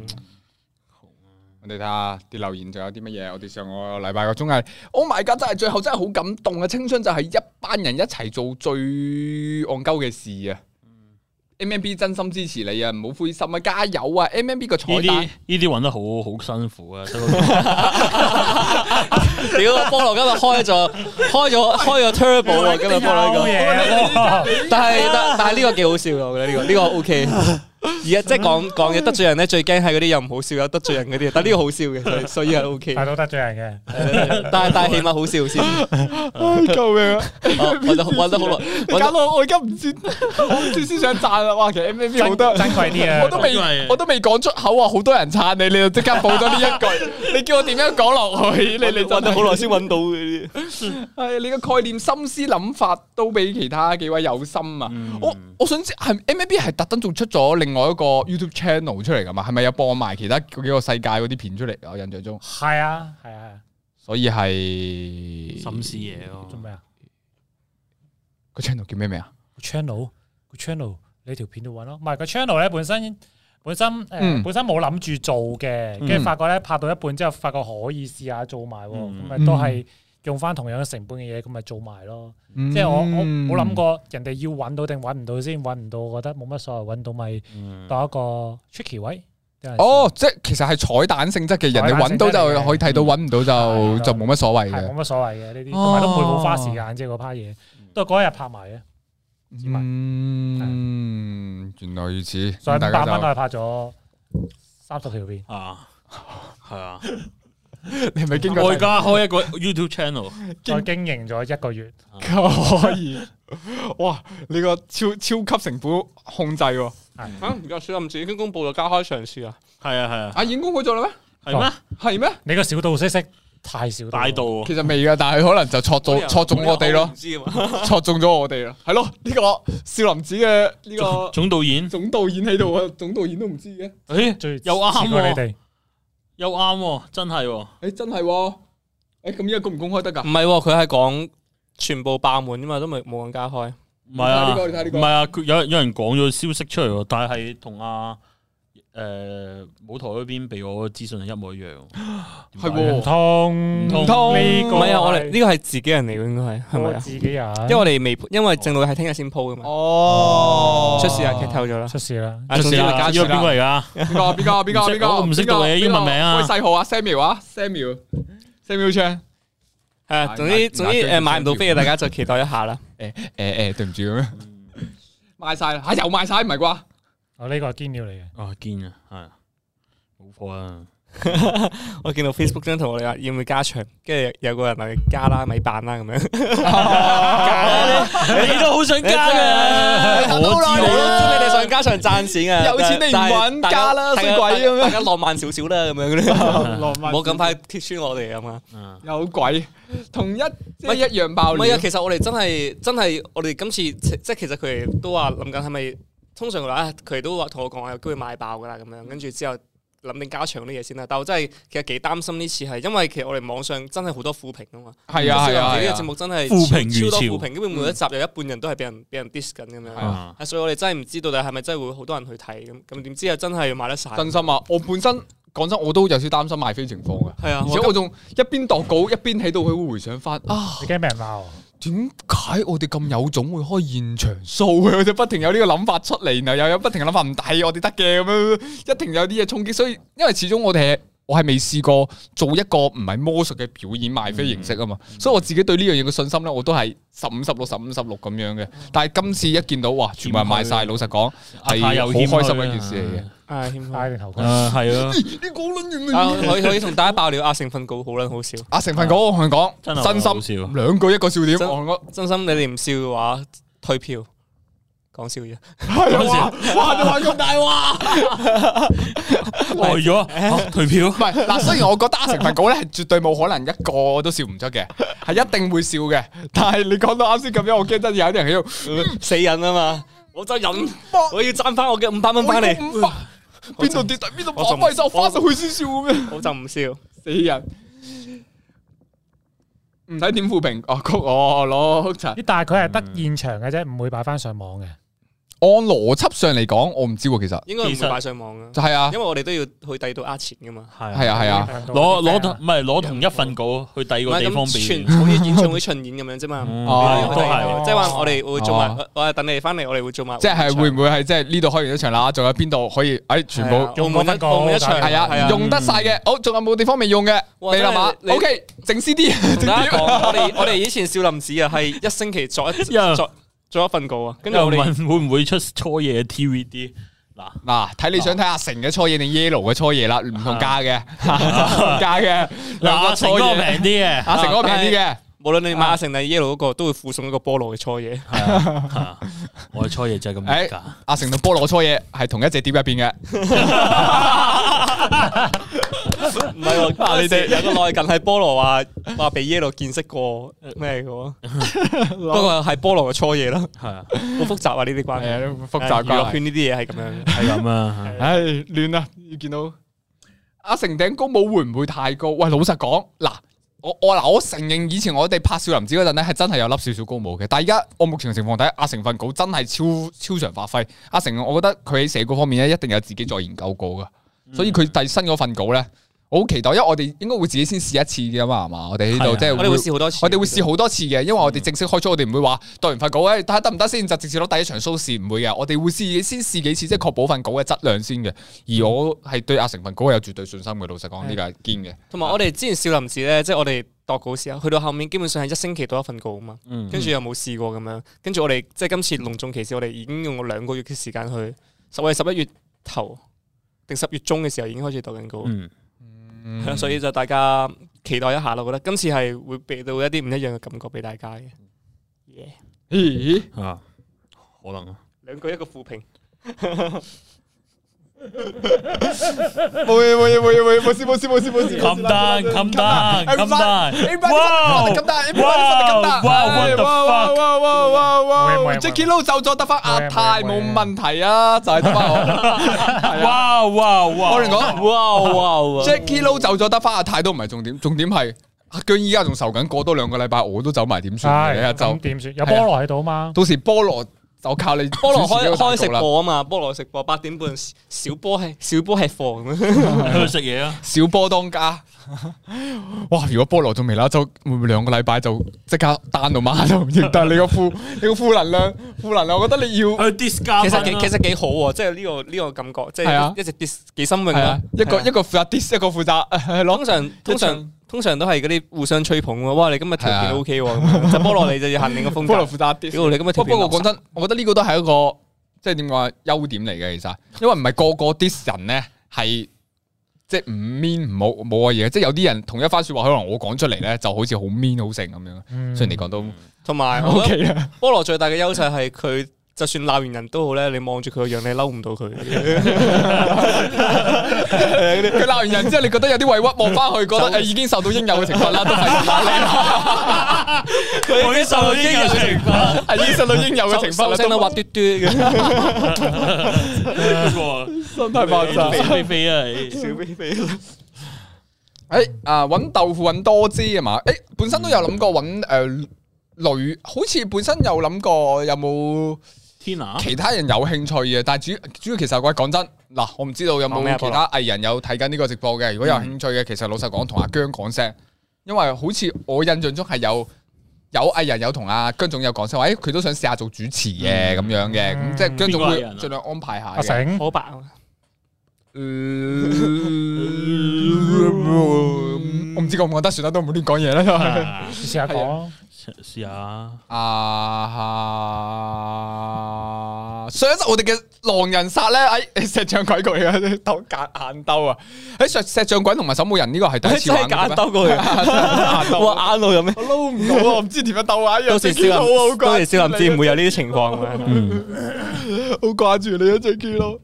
你睇下啲留言，仲有啲乜嘢？我哋上個禮拜個綜藝，Oh My God，真係最後真係好感動啊！青春就係一班人一齊做最戇鳩嘅事啊、嗯、！MMB 真心支持你啊，唔好灰心啊，加油啊！MMB 個彩蛋，呢啲搵得好好辛苦啊！屌，菠蘿今日開咗開咗開咗 Turbo 啦，今日菠蘿呢個，但係但但係呢個幾好笑啊！我覺得呢、這個呢 個 O、OK、K。而家即係講講嘢得罪人咧，最驚係嗰啲又唔好笑又得罪人嗰啲。但呢個好笑嘅，所以係 O K。都得罪人嘅，呃，但係但係起碼好笑先。唉 哎，救命啊！我我搵好耐，我我而家唔知，我唔知先想讚啦。哇，其實 M M B 好多人讚佢啲嘢，我都未，我都未講出口啊，好多人撐你，你就即刻補咗呢一句。你叫我點樣講落去？你你搵咗好耐先搵到嘅。係你嘅概念、心思、諗法都比其他幾位有心啊！嗯、我我想知係 M M B 係特登仲出咗另外一個 YouTube channel 出嚟噶嘛？係咪有播埋其他嗰幾個世界嗰啲片出嚟？我印象中係啊係啊，啊所以係心思嘢咯。做咩啊？個 channel 叫咩名啊？channel，個 channel 你條片度揾咯。唔係個 channel 咧，本身本身誒、呃嗯、本身冇諗住做嘅，跟住發覺咧拍到一半之後，發覺可以試下做埋，咁咪都係。用翻同樣嘅成本嘅嘢，咁咪做埋咯。即係我我冇諗過人哋要揾到定揾唔到先。揾唔到，我覺得冇乜所謂。揾到咪當一個 tricky 位。哦，即係其實係彩蛋性質嘅，人哋揾到就可以睇到，揾唔到就就冇乜所謂冇乜所謂嘅呢啲，同埋都唔會好花時間，即係嗰批嘢都係嗰一日拍埋嘅。嗯，原來如此。所以大家都係拍咗三十條片。係啊。你咪係咪經過我而家開一個 YouTube channel，再經營咗一個月，可以哇！你個超超級成本控制喎，吓？而家笑林寺已經公布咗，加開上晝啊，係啊係啊，阿演公會做啦咩？係咩？係咩？你個小道消息太少，大道其實未噶，但係可能就錯中錯中我哋咯，唔知嘛？錯中咗我哋咯，係咯？呢個笑林寺嘅呢個總導演，總導演喺度啊，總導演都唔知嘅，誒，又啱啊！又啱喎、哦，真係喎、哦，誒、欸、真係喎、哦，咁依家公唔公開得㗎？唔係喎，佢係講全部爆滿啫嘛，都未冇人加開。唔係啊，唔係、這個這個、啊，佢有有人講咗消息出嚟喎，但係同阿。誒，舞台嗰邊俾我資訊係一模一樣，係唔通！唔通！唔係啊！我哋呢個係自己人嚟嘅，應該係係咪啊？自己人，因為我哋未，因為正路係聽日先鋪嘅嘛。哦，出事啊！劇透咗啦！出事啦！出事啊！邊個嚟噶？邊個？邊個？邊個？邊個？我唔識講英文名啊！細號啊，Samuel 啊，Samuel，Samuel Chang，係啊！總之總之誒，買唔到飛啊！大家再期待一下啦！誒誒誒，對唔住嘅咩？賣晒啦！吓，又賣晒，唔係啩？我呢個係堅料嚟嘅。哦，堅啊，係冇貨啊！我見到 Facebook 張圖，我哋話要唔要加場，跟住有個人話加啦，咪扮啦咁樣，你都好想加嘅。我知你你哋想加場賺錢啊！有錢你唔肯加啦，死鬼咁樣，大家浪漫少少啦咁樣，浪漫，冇咁快揭穿我哋啊嘛！有鬼同一乜一樣爆，唔係啊！其實我哋真係真係，我哋今次即係其實佢哋都話諗緊係咪？通常佢都話同我講話有機會賣爆噶啦咁樣，跟住之後諗定加長啲嘢先啦。但我真係其實幾擔心呢次係，因為其實我哋網上真係好多負評啊嘛。係啊係啊，呢個節目真係負評超多負評，因為每一集有一半人都係俾人俾、嗯、人 dis 緊咁樣。係啊，所以我哋真係唔知道，到底係咪真係會好多人去睇咁？咁點知啊？真係要賣得晒？真心啊！我本身講真，我都有少擔心賣飛情況噶。係啊，而且我仲一邊度稿一邊睇到佢會回想翻，驚俾人鬧。點解我哋咁有種會開現場 s 佢？o w 不停有呢個諗法出嚟，然後又有不停諗法唔抵，我哋得嘅咁樣，一定有啲嘢衝擊，所以因為始終我哋。我係未試過做一個唔係魔術嘅表演賣飛形式啊嘛，所以我自己對呢樣嘢嘅信心咧，我都係十五十六十五十六咁樣嘅。但係今次一見到哇，全部人賣晒，老實講係好開心嘅一件事嚟嘅。啊謙哥，啊係咯，你講啦，完未？可以可以同大家爆料，阿成份稿好撚好笑，阿成份稿我同你講，真心兩個一個笑點。真心你哋唔笑嘅話，退票。講笑嘢，話就話咁大話，呆咗，退票。唔係嗱，雖然我覺得阿成文稿咧係絕對冇可能一個都笑唔出嘅，係一定會笑嘅。但係你講到啱先咁樣，我驚真係有啲人喺度死忍啊嘛。我就忍，我要賺翻我嘅五百蚊翻嚟。五百，邊度跌就邊度搏翻收翻上去先笑嘅咩？我就唔笑，死人。唔使點互評，我曲我攞柒。但係佢係得現場嘅啫，唔會擺翻上網嘅。按邏輯上嚟講，我唔知其實應該唔會擺上網嘅，就係啊，因為我哋都要去第二度呃錢噶嘛，係啊係啊，攞攞唔係攞同一份稿去第二個地方俾，全好似演唱會巡演咁樣啫嘛，都係，即係話我哋會做埋，我哋等你哋翻嚟，我哋會做埋，即係會唔會係即係呢度開完一場啦？仲有邊度可以？哎，全部用得晒，係啊，用得晒嘅，好，仲有冇地方未用嘅？你啦嘛，OK，整 CD，我哋我哋以前笑林寺啊，係一星期作一作。做一份稿啊，跟住我哋會唔會出初夜嘅 TVD？嗱嗱、啊，睇你想睇阿成嘅初夜定 yellow 嘅初夜啦，唔同價嘅，唔、啊、 同價嘅，阿成嗰平啲嘅，阿、啊啊、成嗰平啲嘅。無論你買阿成定耶魯嗰個，都會附送一個菠蘿嘅初夜。係啊， 我嘅初夜就係咁嚟。阿成同菠蘿初夜係同一隻碟入邊嘅。唔係， 嗱瘋你哋有個內近係菠蘿話話俾耶魯見識過咩嘅、啊？不過係菠蘿嘅初夜咯。係啊，好複雜啊呢啲關係，複雜娛樂圈呢啲嘢係咁樣，係咁啊，唉亂啊！亂見到阿成頂高帽會唔會太高？喂，老實講，嗱。我我，嗱，我承認以前我哋拍《笑林寺》嗰陣咧，係真係有粒少少高帽嘅。但係而家我目前嘅情況睇，阿成份稿真係超超常發揮。阿成，我覺得佢喺寫稿方面咧，一定有自己再研究過㗎。所以佢第新嗰份稿咧。我好期待，因為我哋應該會自己先試一次嘅嘛，係嘛？我哋喺度，的即係我哋會試好多次。我哋會試好多次嘅，因為我哋正式開初，嗯、我哋唔會話讀完份稿咧，睇下得唔得先，就直接攞第一場 show 試，唔會嘅。我哋會試先試幾次，即係確保份稿嘅質量先嘅。而我係對阿成份稿有絕對信心嘅，老實講呢個係堅嘅。同埋的我哋之前少林寺咧，即、就、係、是、我哋度稿先啊，去到後面基本上係一星期讀一份稿啊嘛，跟住、嗯、又冇試過咁樣。跟住我哋即係今次隆重其事，我哋已經用兩個月嘅時間去，即係十一月頭定十月中嘅時候已經開始讀緊稿。嗯嗯、所以就大家期待一下咯，我覺得今次係會俾到一啲唔一樣嘅感覺俾大家嘅，耶 Yeah.、嗯，咦啊，可能啊，兩個一個負評。 冇嘢冇嘢冇嘢冇嘢冇事冇事冇事冇事，感恩感恩感恩，everybody，哇，感恩，everybody，真係感恩，everybody，真係感恩，哇哇哇哇哇哇哇，Jacky Lau 走咗得翻阿泰冇問題啊，就係咁啊，哇哇哇，我同你講哇哇，Jacky Lau 走咗得翻阿泰都唔係重點，重點係阿姜依家仲受緊，過多兩個禮拜我都走埋點算，一日就點算，有菠蘿喺度嘛？到時菠蘿。就靠你菠蘿開開食播啊嘛，菠蘿食播八點半小波係小波係放。去食嘢啦，小波當家。哇！如果菠蘿仲未拉走，兩個禮拜就即刻單到媽都唔知。但係你個負你個負能量負能量，我覺得你要。d i s g 其實其實幾好，即係呢個呢個感覺，即係一直 dis 幾心榮啊。一個一個負責 dis，一個負責。通常通常。通常都係嗰啲互相吹捧咯，哇！你今日條件 O K 喎，的即係菠蘿你就要行個風格。菠蘿 負責啲、這個，你今日不過我講真，我覺得呢個都係一個即係點講啊優點嚟嘅，其實，因為唔係個個啲人咧係即係唔 mean 唔好，冇啊嘢，即係有啲人同一番説話，可能我講出嚟咧就好似好 mean 好成咁樣。所以你講到，同埋、嗯，我覺得菠蘿最大嘅優勢係佢。 嗯就算鬧完人都好咧，你望住佢個樣，你嬲唔到佢。佢鬧 完人之後，你覺得有啲委屈，望翻去覺得誒已經受到應有嘅懲罰啦。佢 已經受到應有嘅懲罰，係已經受到應有嘅懲罰啦。滑、 啊、受嘟嘟嘅， 心態爆炸，小飛飛啊，小飛飛。誒啊，搵豆腐搵多姿啊嘛。誒，本身都有諗過搵誒、呃、女，好似本身有諗過有冇？其他人有興趣嘅，但係主要主要其實我講真嗱，我唔知道有冇其他藝人有睇緊呢個直播嘅。嗯、如果有興趣嘅，其實老實講同阿姜講聲，因為好似我印象中係有有藝人有同阿姜總有講聲，誒、哎、佢都想試下做主持嘅咁樣嘅，咁、嗯、即係姜總會盡量安排下。阿醒、啊，好白、啊 嗯？我唔知覺唔覺得算啦，都唔好亂講嘢啦，試下講。試下啊！上一集我哋嘅狼人殺咧，誒、哎，石像鬼佢嘅鬥夾眼鬥啊！喺石石像鬼同埋守墓人呢個係第一次眼鬥過去，啊過啊、哇眼路有咩？我唔知點樣鬥啊！多謝 小林，多謝小林知唔會有呢啲情況啊！啊嗯，啊、好掛住你，一直見咯。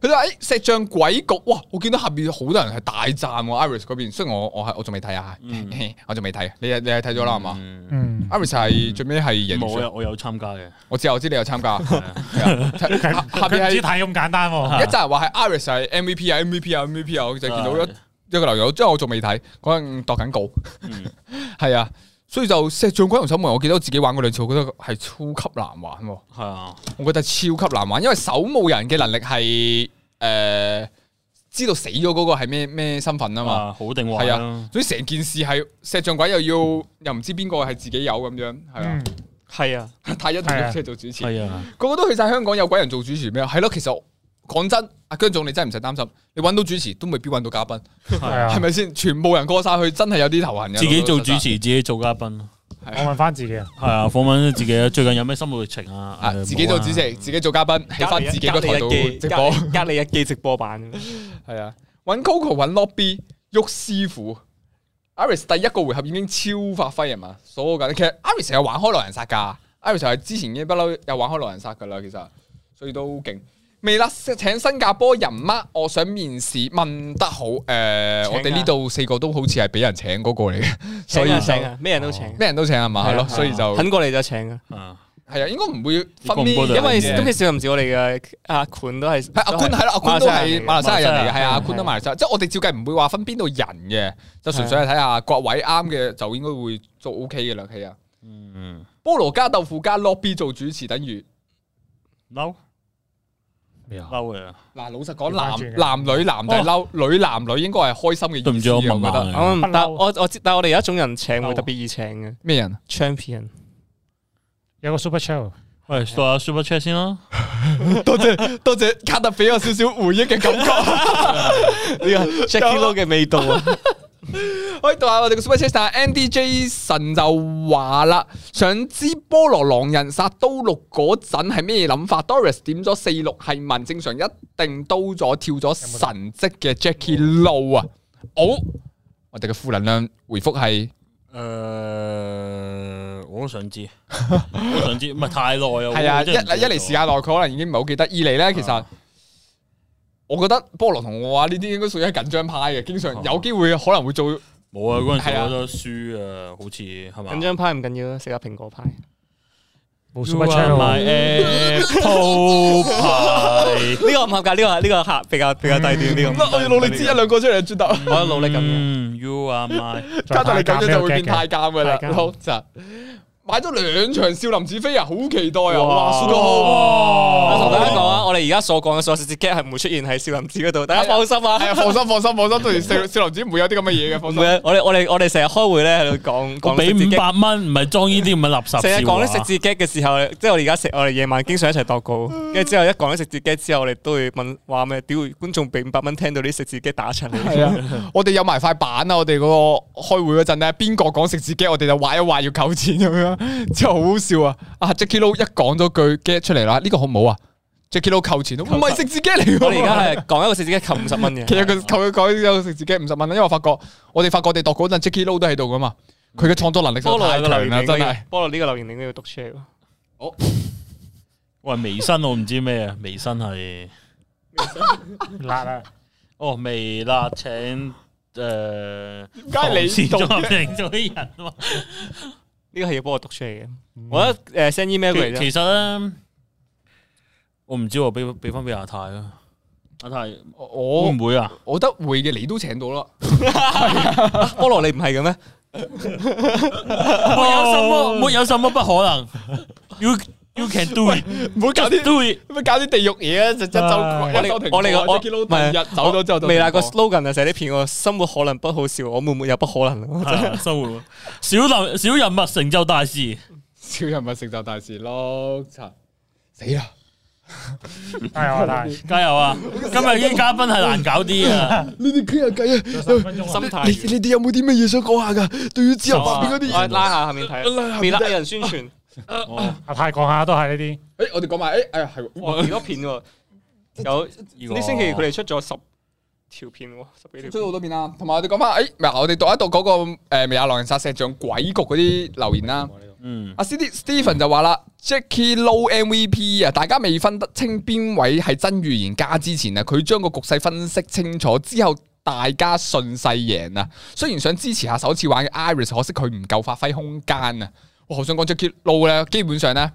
佢就話誒，石像鬼局哇！我見到下邊好多人係大讚，Iris 嗰邊，雖然我我係我仲未睇啊，我仲未睇，你你係睇咗啦係嘛？Iris 係是、嗯、最尾係贏，我有參我有參加嘅，我知我知你有參加， 啊、下邊係只睇咁簡單，一陣係話係 Iris 係 MVP 啊 MVP 啊 MVP 啊，我就見到一個一個留言，即係我仲未睇，佢度緊稿，係、嗯、 啊。所以就石像鬼同守墓人，我記得我自己玩過兩次，我覺得係超級難玩。係啊，我覺得超級難玩，因為守墓人嘅能力係誒、呃、知道死咗嗰個係咩咩身份啊嘛，好定壞，係啊。所以成件事係石像鬼又要、嗯、又唔知邊個係自己有咁樣，係啊，係、嗯、啊，太一同玉做主持，係啊，啊個個都去晒香港有鬼人做主持咩？係咯、啊，其實。講真，阿姜總，你真係唔使擔心，你揾到主持都未必揾到嘉賓，係咪先？全部人過晒去，真係有啲頭痕嘅。自己做主持，實自己做嘉賓。啊、我問翻自己啊，係啊，我問翻自己啊，最近有咩心路情啊？啊？自己做主持，自己做嘉賓，發自己個台一,一直播，加你一記直播版。係 啊，揾 Coco，揾 Lobby，喐師傅，Aris 第一個回合已經超發揮係嘛？所講其實 Aris 成日玩開狼人殺噶，Aris 係之前已經不嬲又玩開狼人殺噶啦，其實，其實所以都勁。未啦！請新加坡人乜？我想面試，問得好。誒，我哋呢度四個都好似係俾人請嗰個嚟嘅，所以咩人都請，咩人都請啊嘛，係咯，所以就肯過嚟就請啊。係啊，應該唔會分邊，因為咁嘅少唔少我哋嘅。阿冠都係，阿冠係阿冠都係馬來西亞人嚟嘅，係阿冠都馬來西亞。即係我哋照計唔會話分邊度人嘅，就純粹係睇下各位啱嘅就應該會做 OK 嘅啦。係啊，菠蘿加豆腐加 lobby 做主持等於 no。嬲嘅，嗱，老實講，男男女男就嬲，女男女應該係開心嘅。對唔住，我唔覺得。但係我我，但係我哋有一種人請會特別易請嘅。咩人？Champion，有個 Super Chat，喂，都下 Super Chat 先啦。多謝多謝，卡特畀我少少回憶嘅感覺，呢個 Jacky 哥嘅味道啊！可以讀下我哋個 SuperChat，Andy J 神就話啦，想知菠蘿狼人殺刀六嗰陣係咩諗法 ？Doris 點咗四六係問正常一定刀咗跳咗神蹟嘅 Jackie Low 啊，好、嗯 oh, 呃，我哋嘅負能量回覆係，誒，我都想知， 我想知，唔係太耐啊，係啊，一一嚟時間耐，佢可能已經唔係好記得。二嚟咧，其實、啊。我覺得菠蘿同我話呢啲應該屬於係緊張派嘅，經常有機會可能會做冇啊嗰陣時攞咗輸啊，好似係嘛緊張派唔緊要，食下蘋果派冇輸啊，唔係呢個唔合格，呢個呢個比較比較低調啲，我要努力支一兩個出嚟轉頭，我努力咁，You are my 卡特力緊張就會變太監噶啦，好就。買咗兩場笑林寺飛啊，好期待啊！哇，多到。我同大家講啊，我哋而家所講嘅食字 get 係唔會出現喺笑林寺嗰度，大家放心啊！放心，放心，放心，到時笑林寺唔會有啲咁嘅嘢嘅。放心，我哋我哋我哋成日開會咧喺度講，俾五百蚊唔係裝呢啲咁嘅垃圾笑話成日講啲食字 get 嘅時候，即係我哋而家食，我哋夜晚經常一齊度告，跟住之後一講啲食字 get 之後，我哋都會問話咩？屌觀眾俾五百蚊，聽到啲食字 get 打出來。係啊，我哋有埋塊板啊，我哋嗰個開會嗰陣咧，邊個講食字 get，我哋就畫一畫要扣錢咁樣。真係好好笑啊！阿 Jackie Lou 一講咗句 get 出嚟啦，呢、這個好唔好啊？Jackie Lou 扣錢都唔係食自己 e t 嚟，我哋而家係講一個食自己 e 扣五十蚊嘅。其實佢扣佢講有食自己 e 五十蚊啦，因為我發覺我哋發覺我哋度嗰陣 Jackie Lou 都喺度噶嘛，佢嘅創作能力真係太強，菠蘿呢個留言你要讀出嚟咯。好、哦，喂，微新我唔知咩啊？微新係辣啊！哦，眉辣請，請誒同事做另一組人嘛。呢個係要幫我讀出嚟嘅，我覺得 send email 過嚟啫。其實咧，我唔知我俾俾翻俾阿泰啦。阿泰，我會唔會啊？我覺得會嘅，你都請到啦。菠蘿， 啊，你唔係嘅咩？ 沒有什麼，沒有什麼不可能。 You can do it 唔好搞啲 do it 搞啲地獄嘢啊！一一周停一週停，唔走咗之後。未來個 slogan 啊，成啲片我生活可能不好笑，我們沒有不可能，生活小人小人物成就大事，小人物成就大事咯，擦死啦！加油加油啊！今日啲嘉賓係難搞啲啊！你哋傾下偈啊！有十分鐘啊！你哋有冇啲咩嘢想講下噶？對於之後發表啲拉下下面睇，未拉人宣傳。阿、啊啊、泰講下、啊、都係呢啲，誒、欸，我哋講埋，誒、欸，哎呀，係幾多片喎、啊？ 有呢、哦、星期佢哋出咗十條片喎，十幾片出好多片啦、啊。同埋我哋講翻，誒、欸，嗱，我哋讀一讀嗰、那個誒、呃，未有狼人殺石像鬼局嗰啲留言啦、啊。嗯，阿 Steven 就話啦，Jackie Low MVP 啊，CD，嗯、MVP，大家未分得清邊位係真預言家之前啊，佢將個局勢分析清楚之後，大家順勢贏啊。雖然想支持下首次玩嘅 Iris，可惜佢唔夠發揮空間啊。我、哦、想講 Jackie Lu 咧，基本上咧，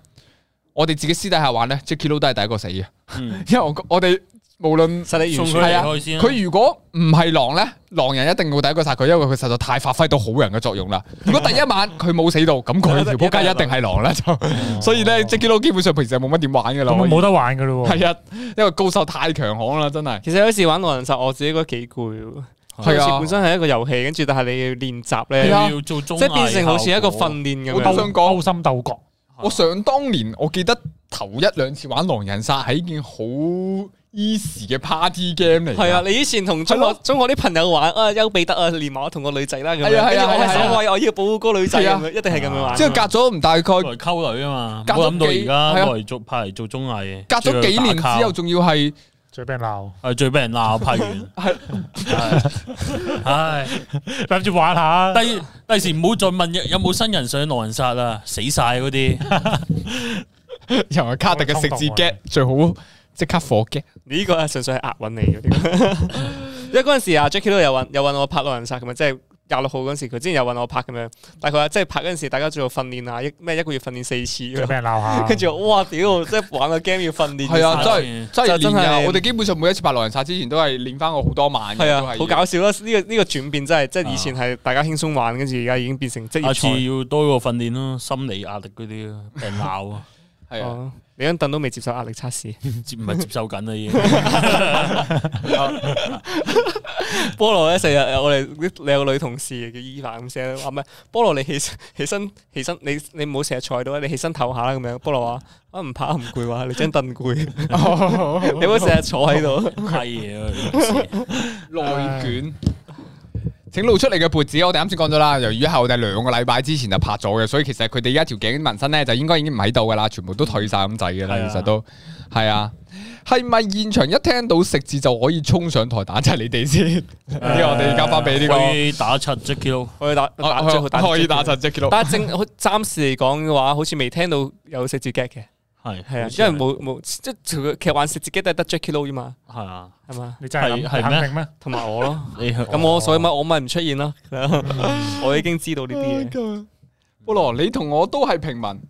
我哋自己私底下玩咧，Jackie Lu 都係第一個死嘅，嗯、因為我我哋無論實力懸殊，佢、啊啊、如果唔係狼咧，狼人一定會第一個殺佢，因為佢實在太發揮到好人嘅作用啦。如果第一晚佢冇死到，咁佢條撲街一定係狼咧，就、嗯、所以咧，Jackie Lu 基本上平時係冇乜點玩嘅啦，冇、嗯、以得玩嘅咯，係啊，因為高手太強悍啦，真係。其實有時玩狼人殺，我自己覺得幾攰。係啊，本身係一個遊戲，跟住但係你要練習咧，要做中即係變成好似一個訓練咁樣，我想講，勾心鬥角。我想當年，我記得頭一兩次玩狼人殺係一件好 easy 嘅 party game 嚟。係啊，你以前同中學中學啲朋友玩啊，丘比特啊，連埋我同個女仔啦。係啊係啊，我係守衛，我要保護嗰個女仔，一定係咁樣玩。即係隔咗唔大概溝女啊嘛，搞到而家來做派嚟做綜藝隔咗幾年之後，仲要係。最俾人鬧，係 最俾人鬧，拍完， 唉，諗住玩下，第二第時唔好再問有冇新人上狼人殺啊，死晒嗰啲，又係 卡特嘅食字 get 最好，即刻火 get，呢個係純粹係呃穩你，這個、 因為嗰陣時阿 Jackie 都有搵有搵我拍狼人殺咁啊，即係。廿六號嗰時，佢之前又揾我拍咁樣，但係佢話即係拍嗰陣時，大家做訓練啊，一咩一個月訓練四次，俾人鬧下？跟住哇，屌！即係玩個 game 要訓練，係啊，即係即係真係，我哋基本上每一次拍狼人殺之前都係練翻我好多晚，係啊，好搞笑啦！呢個呢個轉變真係，即係以前係大家輕鬆玩，跟住而家已經變成職業。次要多個訓練咯，心理壓力嗰啲啊，俾人鬧啊，係啊，你張凳都未接受壓力測試，接唔係接受緊啊已經。菠蘿咧成日我哋你有個女同事叫伊凡咁聲，話咩菠蘿你起身，起身起身，你你唔好成日坐喺度啦，你起身唞下啦咁樣。菠蘿話啊唔怕唔攰話，你張凳攰，你唔好成日坐喺度。係、哦哦、啊，內、嗯啊、卷，請露出嚟嘅脖子。我哋啱先講咗啦，由於後我哋兩個禮拜之前就拍咗嘅，所以其實佢哋而家條頸紋身咧就應該已經唔喺度噶啦，全部都退晒咁滯噶啦，其實都。係啊，係咪現場一聽到食字就可以衝上台打柒你哋先？呢個我哋交翻俾呢個。去打柒 Jackie Lau，去打去去去打柒 Jackie Lau。但係正暫時嚟講嘅話，好似未聽到有食字 gag 嘅。係係啊，因為冇冇即係，其實玩食字 gag 都係得 Jackie Lau 嘛。係啊，係嘛？你真係諗肯定咩？同埋我咯，咁我所以咪我咪唔出現咯。我已經知道呢啲嘢。菠蘿，你同我都係平民，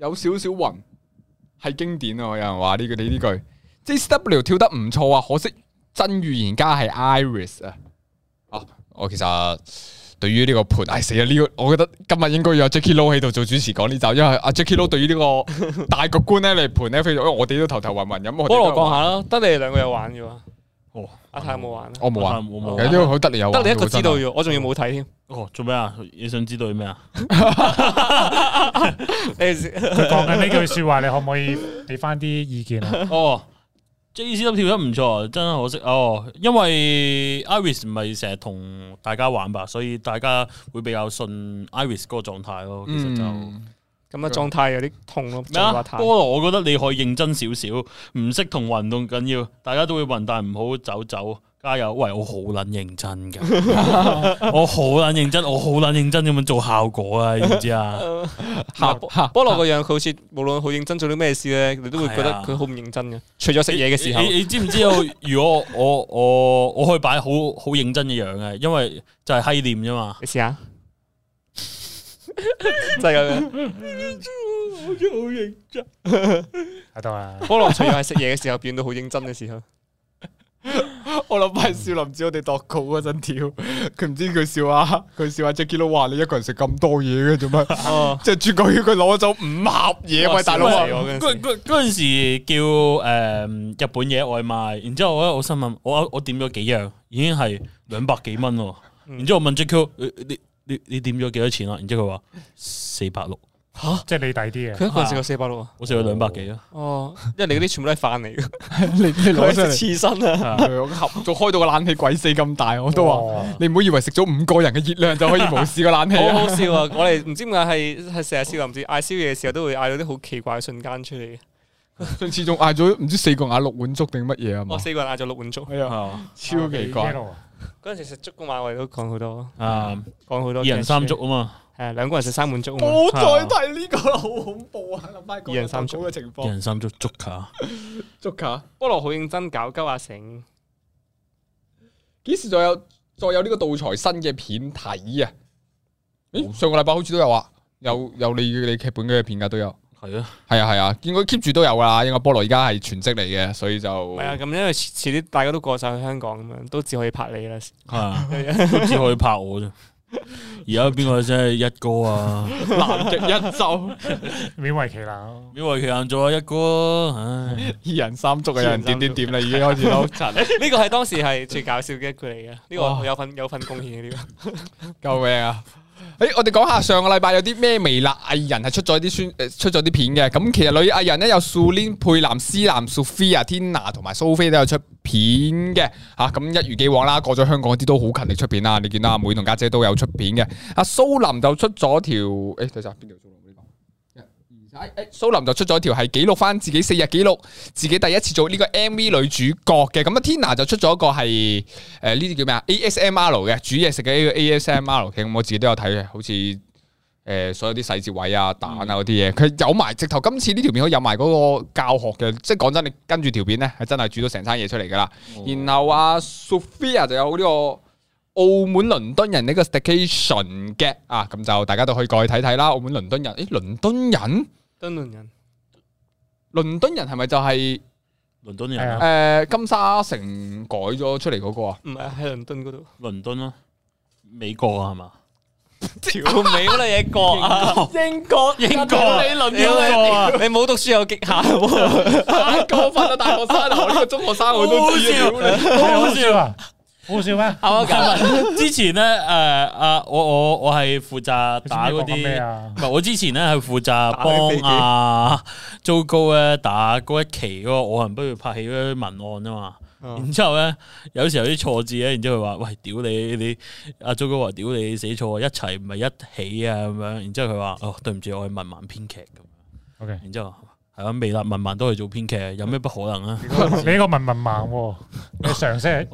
有少少暈。係經典啊！有人話呢句你呢句，JW 跳得唔錯啊，可惜真預言家係 Iris 啊！哦，我其實對於呢個盤，唉死啊！呢個我覺得今日應該要阿 Jacky Lau 喺度做主持講呢集，因為阿 Jacky Lau 對於呢個大局觀咧嚟盤咧，我哋都頭頭暈暈咁。菠蘿講下咯，得你哋兩個有玩嘅嘛？哦，阿泰有冇玩？我冇玩，冇冇。好得你有，得你一個知道要，我仲要冇睇添。哦，做咩啊？你想知道咩啊？講緊呢句說話，你可唔可以俾翻啲意見啊？哦，即意思都跳得唔錯，真係可惜哦。因為 Iris 唔係成日同大家玩吧，所以大家會比較信 Iris 嗰個狀態咯。其實就咁嘅狀態有啲痛咯。咩菠蘿，我覺得你可以認真少少，唔識同運動緊要，大家都會運，但係唔好走走。走加油！喂，我好捻認真噶， 我好捻認真，我好捻認真咁樣做效果啊，你知唔知啊？菠蘿個樣佢好似無論好認真做啲咩事咧，啊、你都會覺得佢好唔認真嘅。除咗食嘢嘅時候，你，你，你知唔知道？如果我我我，我可以擺好好認真嘅樣嘅，因為就係欺念啫嘛。你試下， 真係咁。做好似好認真。喺啊！菠蘿除咗係食嘢嘅時候， 變到好認真嘅時候。 我諗翻，少林寺我哋度稿嗰陣，跳佢唔知佢笑啊，佢笑啊 Jackie 佬話，你一個人食咁多嘢嘅做乜？ 啊、即係專櫃佢攞咗五盒嘢，喂哇大佬啊！嗰嗰嗰陣時叫誒、呃、日本嘢外賣，然之後我我心諗我我，我點咗幾樣，已經係兩百幾蚊咯。 然之後我問 Jackie 你你你，你，你點咗幾多錢啊？然」然之後佢話四百六。吓，即係你大啲啊！佢一個食咗四百六啊，好似咗兩百幾啊？哦，因為你嗰啲全部都係飯嚟嘅，你你攞上刺身啊！盒仲開到個冷氣鬼死咁大，我都話你唔好以為食咗五個人嘅熱量就可以無視個冷氣。好好笑啊！我哋唔知點解係成日笑林寺嗌燒嘢嘅時候都會嗌到啲好奇怪嘅瞬間出嚟。上次仲嗌咗唔知四個人嗌六碗粥定乜嘢啊？嘛，我四個人嗌咗六碗粥，係啊，超奇怪。嗰陣時食粥嘅話，我哋都講好多啊，講好多二人三粥啊嘛。係兩個人食三碗粥，冇再提呢個啦，好恐怖啊！諗、啊啊、二人三碗嘅情況，二人三碗粥，粥卡，粥卡。菠蘿好認真搞，鳩阿成，幾時再有再有呢個《道財》新嘅片睇啊？個啊好上個禮拜好似都有啊，有有你你劇本嗰個片噶都有，係啊，係啊，係啊，應該 keep 住都有噶。因為菠蘿而家係全職嚟嘅，所以就係啊。咁因為遲啲大家都過晒去香港咁樣，都只可以拍你啦，係啊， 只可以拍我啫。而家邊個真係一哥啊？南極 一周勉 為其難，勉為其難做啊！一哥，唉，二人三足嘅，啊、人點點點啦， 已經開始撈塵。呢 個係當時係最搞笑嘅一句嚟嘅，呢、這個有份，哦、有份貢獻嘅呢個， 救命啊！誒、欸，我哋講下上個禮拜有啲咩微辣藝人係出咗啲宣，出咗啲片嘅。咁、嗯、其實女藝人咧有蘇戀、佩南、斯南、Sophia、Tina 同埋蘇菲都有出片嘅。吓、啊、咁、嗯、一如既往啦，過咗香港啲都好勤力出片啦。你見到阿妹同家姐，姐都有出片嘅。阿蘇林就出咗條，誒、欸，睇下邊條誒蘇、哎、林就出咗條係記錄翻自己四日記錄，自己第一次做呢個 M V 女主角嘅。咁啊，Tina 就出咗一個係誒呢啲叫咩啊 A S M R 嘅煮嘢食嘅 A A S M R 嘅。咁我自己都有睇嘅，好似誒、呃、所有啲細節位啊蛋啊嗰啲嘢，佢有埋直頭今次呢條片，可以有埋嗰個教學嘅。即係講真，你跟住條片咧，係真係煮到成餐嘢出嚟噶啦。哦、然後啊，Sophia 就有呢個澳門倫敦人呢個 staycation 嘅啊，咁就大家都可以過去睇睇啦。澳門倫敦人，誒，倫敦人。倫敦人是是、就是，倫敦人係咪就係倫敦人？誒、呃，金沙城改咗出嚟嗰、那個倫倫啊？唔係喺倫敦嗰度，倫敦咯，美國啊係咪？條 美嗰啲嘢國啊國，英國，英國你倫敦啊？你冇讀書有極限、啊？我 翻到大學之後，呢、這個中學生我都知，好笑啊！好笑咩？ 之前咧，誒、呃、啊，我我我係負責打嗰啲，唔係我之前咧係負責幫阿糟糕咧打嗰一期嗰個《我恨不如拍戲》嗰啲文案啊嘛。嗯、然之後咧，有時候有啲錯字咧，然之後佢話：喂，屌你你！阿糟糕話：屌你寫錯，一齊唔係一起啊咁樣。然之後佢話：哦，對唔住，我係文盲編劇咁。OK，然之後。Okay. 未立文盲都係做編劇，有咩不可能啊？你個文文盲，你常識，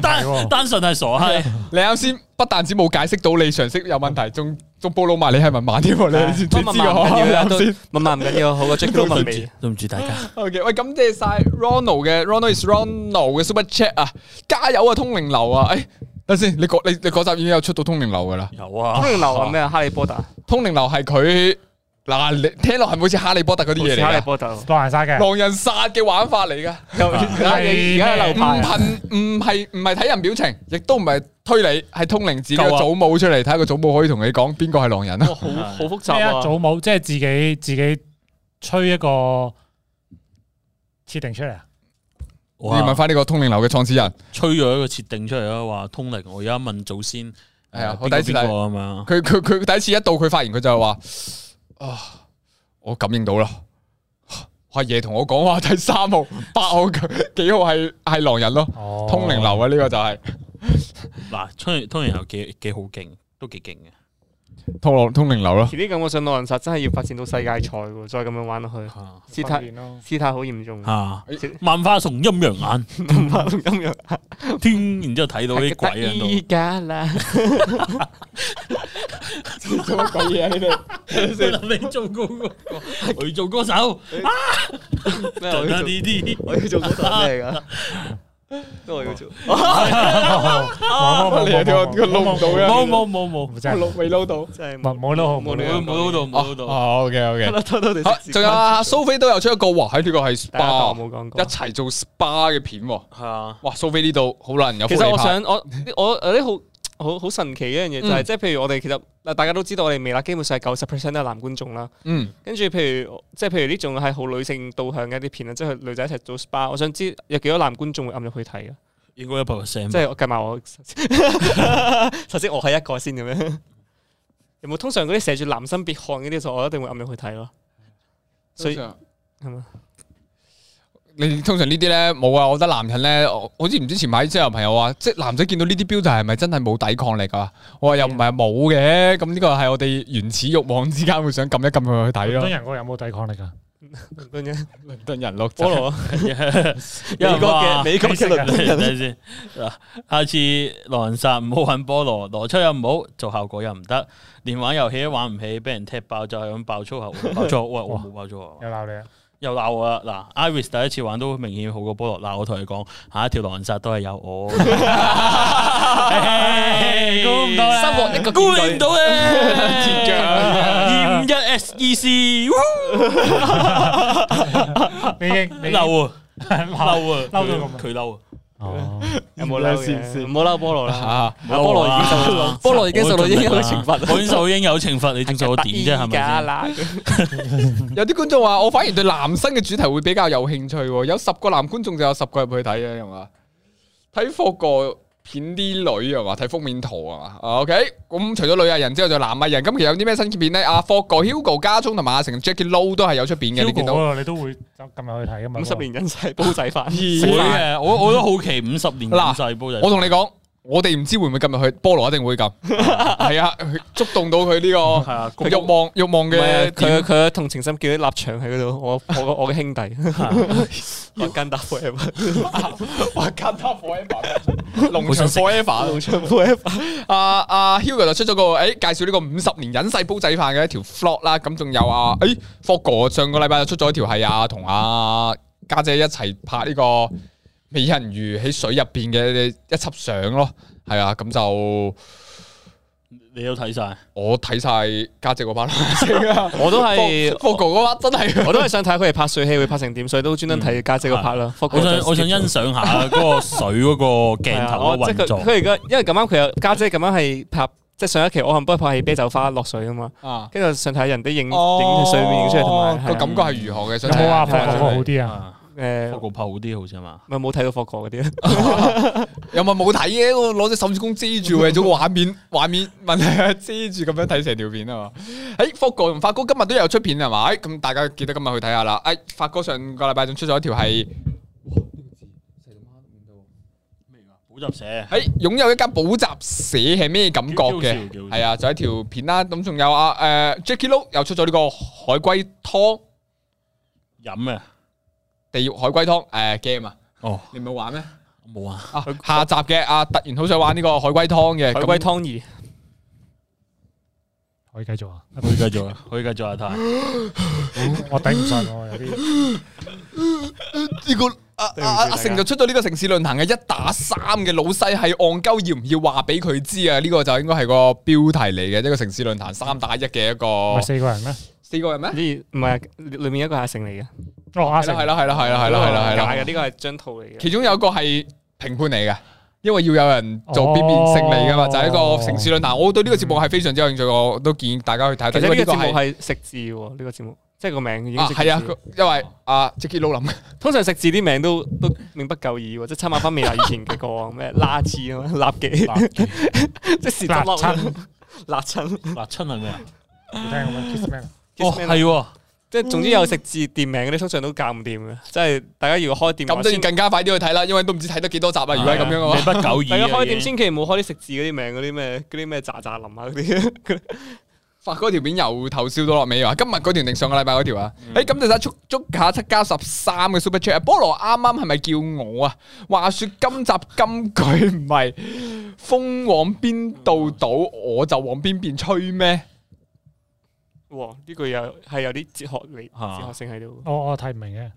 單單純係傻閪。你啱先不但止冇解釋到你常識有問題，仲仲暴露埋你係文盲添。你你知唔知啊？文盲唔緊要，文盲唔緊要。好啊，thank you，對唔住大家。OK，喂，感謝晒 Ronald 嘅 Ronald is Ronald 嘅 super chat 啊！加油啊，通靈流啊！哎，等先，你嗰你你嗰集已經有出到通靈流噶啦？有啊，通靈流係咩啊？哈利波特？通靈流係佢。嗱，你聽落係好似哈利波特嗰啲嘢嚟，哈利波特，狼人殺嘅，狼人殺嘅玩法嚟噶，係唔憑唔係唔係睇人表情，亦都唔係推理，係通靈自己祖母出嚟睇下個祖母可以同你講邊個係狼人啊、嗯？好，好複雜啊！祖母即係自己自己吹一個設定出嚟啊！哇你要問翻呢個通靈流嘅創始人，吹咗一個設定出嚟啊。話通靈，我而家問祖先，係啊、哎，我第一次誰誰啊嘛，佢佢佢第一次一到，佢發言佢就係、是、話。啊！我感應到啦，阿爺同我講話睇三號、八號、幾號係係狼人咯，哦、通靈流啊呢個就係、是、嗱、啊，通靈通靈流幾幾好勁，都幾勁嘅。通龍通靈流啦，而啲咁嘅上路人殺真係要發展到世界賽噶，再咁樣玩落去，事態事態好嚴重啊 啊。啊，萬花叢陰陽眼，萬花叢陰陽眼，天然之後睇到啲鬼喺度。做乜鬼嘢喺度？你諗起做歌，我要做歌手。咩啊？呢啲我要做歌手咩啊？啊啊啊啊啊都係要做，冇冇冇冇，冇，冇，冇，冇，撈到，真係冇冇撈，冇撈到，冇撈到，OK OK。吓，仲有蘇菲都有出一個，哇，喺呢個係 SPA，冇講過一齊做 SPA 嘅片，係啊，哇，蘇菲呢度好難有，其實我想我我誒呢好。好好神奇一樣嘢、嗯、就係，即係譬如我哋其實嗱，大家都知道我哋微辣基本上係九十 percent 都係男觀眾啦。嗯，跟住譬如即係譬如呢種係好女性導向嘅一啲片啦，即係女仔一齊做 SPA，我想知有幾多男觀眾會暗入去睇嘅？應該一百 percent，即係計埋我。 首先我係一個先咁樣？ 有冇通常嗰啲寫住男生別看嗰啲，我一定會暗入去睇咯。嗯、所以係嘛？嗯。你通常呢啲咧冇啊？我覺得男人咧，我唔知唔知前排即係朋友話，即係男仔見到呢啲標題係咪真係冇抵抗力啊？我話又唔係冇嘅，咁呢個係我哋原始欲望之間會想撳一撳佢去睇咯、啊。倫敦人，人，我有冇抵抗力啊？倫敦人，倫敦人，菠蘿。美嘅，美國人，先。下次狼人殺唔好玩菠蘿，羅出又唔好做效果又唔得，連玩遊戲都玩唔起，俾人踢爆就係咁爆粗口，爆粗喂！我冇爆粗啊。又鬧你啊！又鬧我啦！嗱，Iris 第一次玩都明顯好過菠蘿。嗱，我同你講，下一條狼人殺都係有我。恭喜收穫一個年度嘅前將二五一 SEC。你你嬲啊！嬲啊！ 嬲到咁，佢嬲。 有冇嬲先？唔好嬲菠蘿啦，吓！菠蘿已經受到菠蘿應有嘅懲罰。遵守應有懲罰，你遵守點啫？係咪有啲觀眾話，我反而對男生嘅主題會比較有興趣。有十個男觀眾就有十個入去睇嘅，係嘛？睇貨過片啲女啊，嘛，睇封面圖啊嘛，OK。咁除咗女藝人之後就男藝人，咁其實有啲咩新片咧？阿 f o 霍哥、Hugo 加中同埋阿成、Jackie Low 都係有出片嘅，Hugo 你見到，你都會咁日去睇。五十年人世 煲仔飯，係啊，我我都好奇五十年人世煲仔飯。 我同你講。我哋唔知會唔會撳入去，菠蘿一定會撳，係啊，觸動到佢呢個望，係的啊，欲望欲望嘅，佢佢同情心叫啲立場喺嗰度，我我我嘅兄弟，我跟、啊、f o r e v e r 我跟 f o r e v e r 農場 f o r e v e r 都出 f o r e v e r 啊阿 Hugo 就出咗個，誒、哎，介紹呢個五十年隱世煲仔飯嘅一條 vlog 啦，咁仲有啊，誒、哎、，Fogo 上個禮拜就出咗一條係阿同阿家姐一齊拍呢、這個。美人魚喺水入邊嘅一輯相咯，係啊，咁就你都睇晒，我睇晒家姐嗰 part 啦，我都係。Fogo 真係，我都係想睇佢哋拍水戲會拍成點，水，都專登睇家姐嗰 part 啦。我想欣賞下嗰個水嗰個鏡頭 嘅運作。佢而家因為咁啱佢有家姐咁啱係拍，即係上一期我唔係拍起啤酒花落水啊嘛，跟住想睇下人哋影影水面影出嚟個、哦啊、感覺係如何嘅，有冇啊好啲啊！誒，霍哥、嗯、拍好啲，好似係嘛？咪冇睇到霍哥嗰啲，又咪冇睇嘅？攞隻手指公遮住，做個畫面畫面問題啊！遮住咁樣睇成條片啊嘛！喺、哎、霍哥同法哥今日都有出片係嘛？咁、哎、大家記得今日去睇下啦！誒、哎，法哥上個禮拜仲出咗一條係咩？補習社喺擁、哎、有一間補習社係咩感覺嘅？係啊，就一條片啦。咁仲有阿、啊、誒、呃、Jacky Luke 又出咗呢個海龜湯飲啊！地獄海龜湯誒 game 啊，哦，你唔係玩咩？冇啊，下集嘅啊，突然好想玩呢個海龜湯嘅海龜湯二，可以繼續啊，可以繼續啊，可以繼續啊，睇，我頂唔順我有啲呢個阿阿阿成就出咗呢個城市論壇嘅一打三嘅老細係戇鳩，要唔要話俾佢知啊？呢個就應該係個標題嚟嘅，一個城市論壇三打一嘅一個四個人咩？四個人咩？呢唔係裏面一個阿成嚟嘅。哦，係啦，係啦，係啦，係啦，係啦，係啦。解嘅呢個係張圖嚟嘅，其中有一個係評判嚟嘅，因為要有人做辨辨識嚟噶嘛，就係一個城市論壇。我對呢個節目係非常之有興趣，我都建議大家去睇。因為呢個節目係食字嘅，呢個節目即係個名。啊，係啊，因為啊，直接老林，通常食字啲名都都命不久矣，即係差唔多翻咪以前嘅個咩拉字咯，拉記，即係識得拉春，拉春，拉春係咩啊？哦，係啊。即係總之有食字店名嗰啲通常都搞唔掂嘅，即係大家如果開店咁就要更加快啲去睇啦，因為都唔知睇得幾多集啦。如果係咁樣嘅話，啊啊、 大家開店千祈唔好開啲食字嗰啲名的，嗰啲咩嗰啲咩渣渣林啊嗰啲。炸炸 發嗰條片由頭笑到落尾啊！今日嗰條定上個禮拜嗰條啊？誒、嗯，咁就睇捉捉下七加十三嘅 super chat。Ch ch cher, 菠蘿啱啱係咪叫我啊？話說今集金句唔係風往邊度倒，倒，嗯、我就往邊邊吹咩？呢個又係有啲哲學理哲學性喺度、哦。我我睇唔明嘅。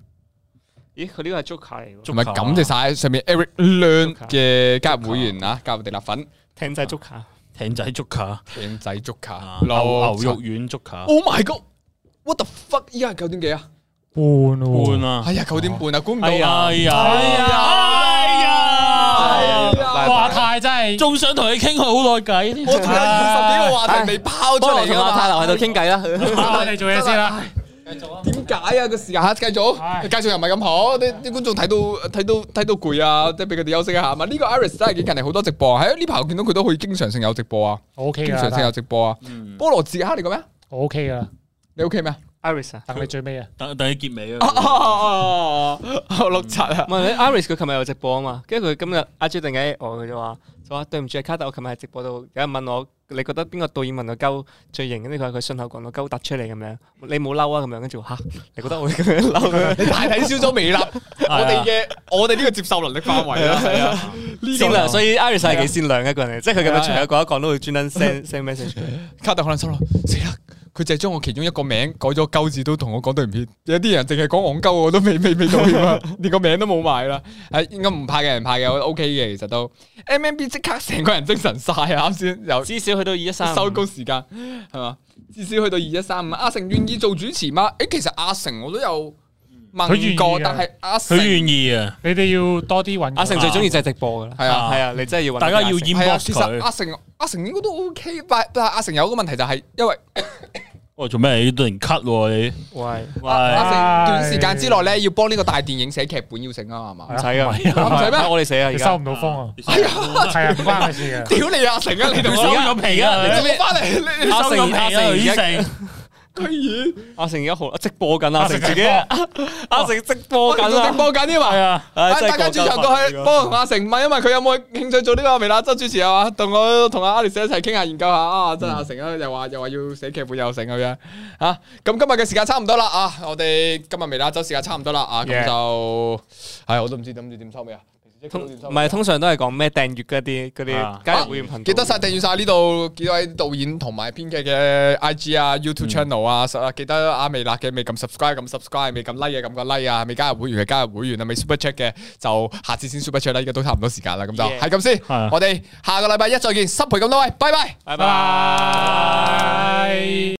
咦？佢呢個係粥卡嚟喎。係感謝晒上面 Eric Lun 嘅加入會員啊。加入地辣粉。艇仔粥卡、啊。艇仔粥卡、啊。艇仔粥卡、啊。牛，牛肉丸粥卡、啊。Oh my god！What the fuck？依家九點幾啊？半半啊？係啊，九、哎、點半啊，估唔到啊。哎呀！哎呀！哎呀！哎呀華太真係，仲想同你傾佢好耐計。我同你十幾個話題你拋出嚟，同華泰留喺度傾偈啦。你做嘢先啦，繼續。點解啊？個時間吓，繼續。繼續又唔係咁好，啲啲觀眾睇到睇到睇到攰啊，即係俾佢哋休息一下啊嘛。呢個 iris 真係幾近嚟，好多直播喺呢排我見到佢都可以經常性有直播啊。O K，經常性有直播啊。菠蘿字哈，你講咩我 o K 啊，你 O K 咩？Iris 等你最尾啊，等等佢結尾啊。哦六七啊。唔係，Iris 佢琴日有直播啊嘛，跟住佢今日阿 J 定喺，我佢就話，就話對唔住啊，卡特我琴日喺直播度有人問我，你覺得邊個導演問我鳩最型？呢個佢信口講到鳩突出嚟咁樣，你冇嬲啊咁樣，跟住吓，你覺得我嬲？你太睇少咗微辣，我哋嘅我哋呢個接受能力範圍啦。係啊，先啦，所以 Iris 係幾善良一個人，即係佢咁樣，講一講都會專登 send send message。卡特可能收咯，死啦！佢就係將我其中一個名改咗鳩字，都同我講對唔起。有啲人淨係講戇鳩，我都未未未道歉啊，連個名都冇埋啦。係應該唔怕嘅人怕嘅。我覺得 O K 嘅其實都 M M B 即刻成個人精神晒啊！啱先至少去到二一三收工時間係嘛？至少去到二一三五。阿成願意做主持嗎？誒、欸，其實阿成我都有。佢問過，但係阿成，佢願意啊！你哋要多啲揾。阿成最中意就係直播噶啦。係啊，係啊，你真係要大家要演播。其實阿成，阿成應該都 OK，但係阿成有個問題就係，因為，喂，做咩你都突然 cut？喂喂，段時間之內咧要幫呢個大電影寫劇本要成啊嘛？唔使噶，唔使咩？我哋寫啊，而家收唔到風啊。係啊，係啊，唔關事。屌你阿成啊！你收咗皮啊！你收咗皮啊！阿成。居然阿成一號啊，直播緊阿成自己，阿成，阿成一直播緊、啊、 直播緊添啊！係 啊、哎，大家轉頭過去幫阿成問對一問佢有冇興趣做呢個微辣周主持啊？同我同阿阿列寫一齊傾下研究下啊！真阿成啊，又話又話要寫劇本又成咁樣啊！咁今日嘅時間差唔多啦啊，我哋今日微辣周時間差唔多啦啊，咁就係我都唔知諗住點收尾啊！唔係通，通常都係講咩訂閱嗰啲嗰啲加入會員、啊，記得晒訂閱晒呢度幾位導演同埋編劇嘅 I G 啊、YouTube channel 啊，嗯、實啊記得阿美娜嘅未撳 subscribe 咁 subscribe 未撳 like 啊，撳個 like 啊，未加入會員嘅加入會員啊，未 Super Chat 嘅就下次先 Super Chat 啦，依家都差唔多時間啦，咁 Yeah, 就係咁先，yeah. 我哋下個禮拜一再見，失陪咁多位，拜拜，拜拜。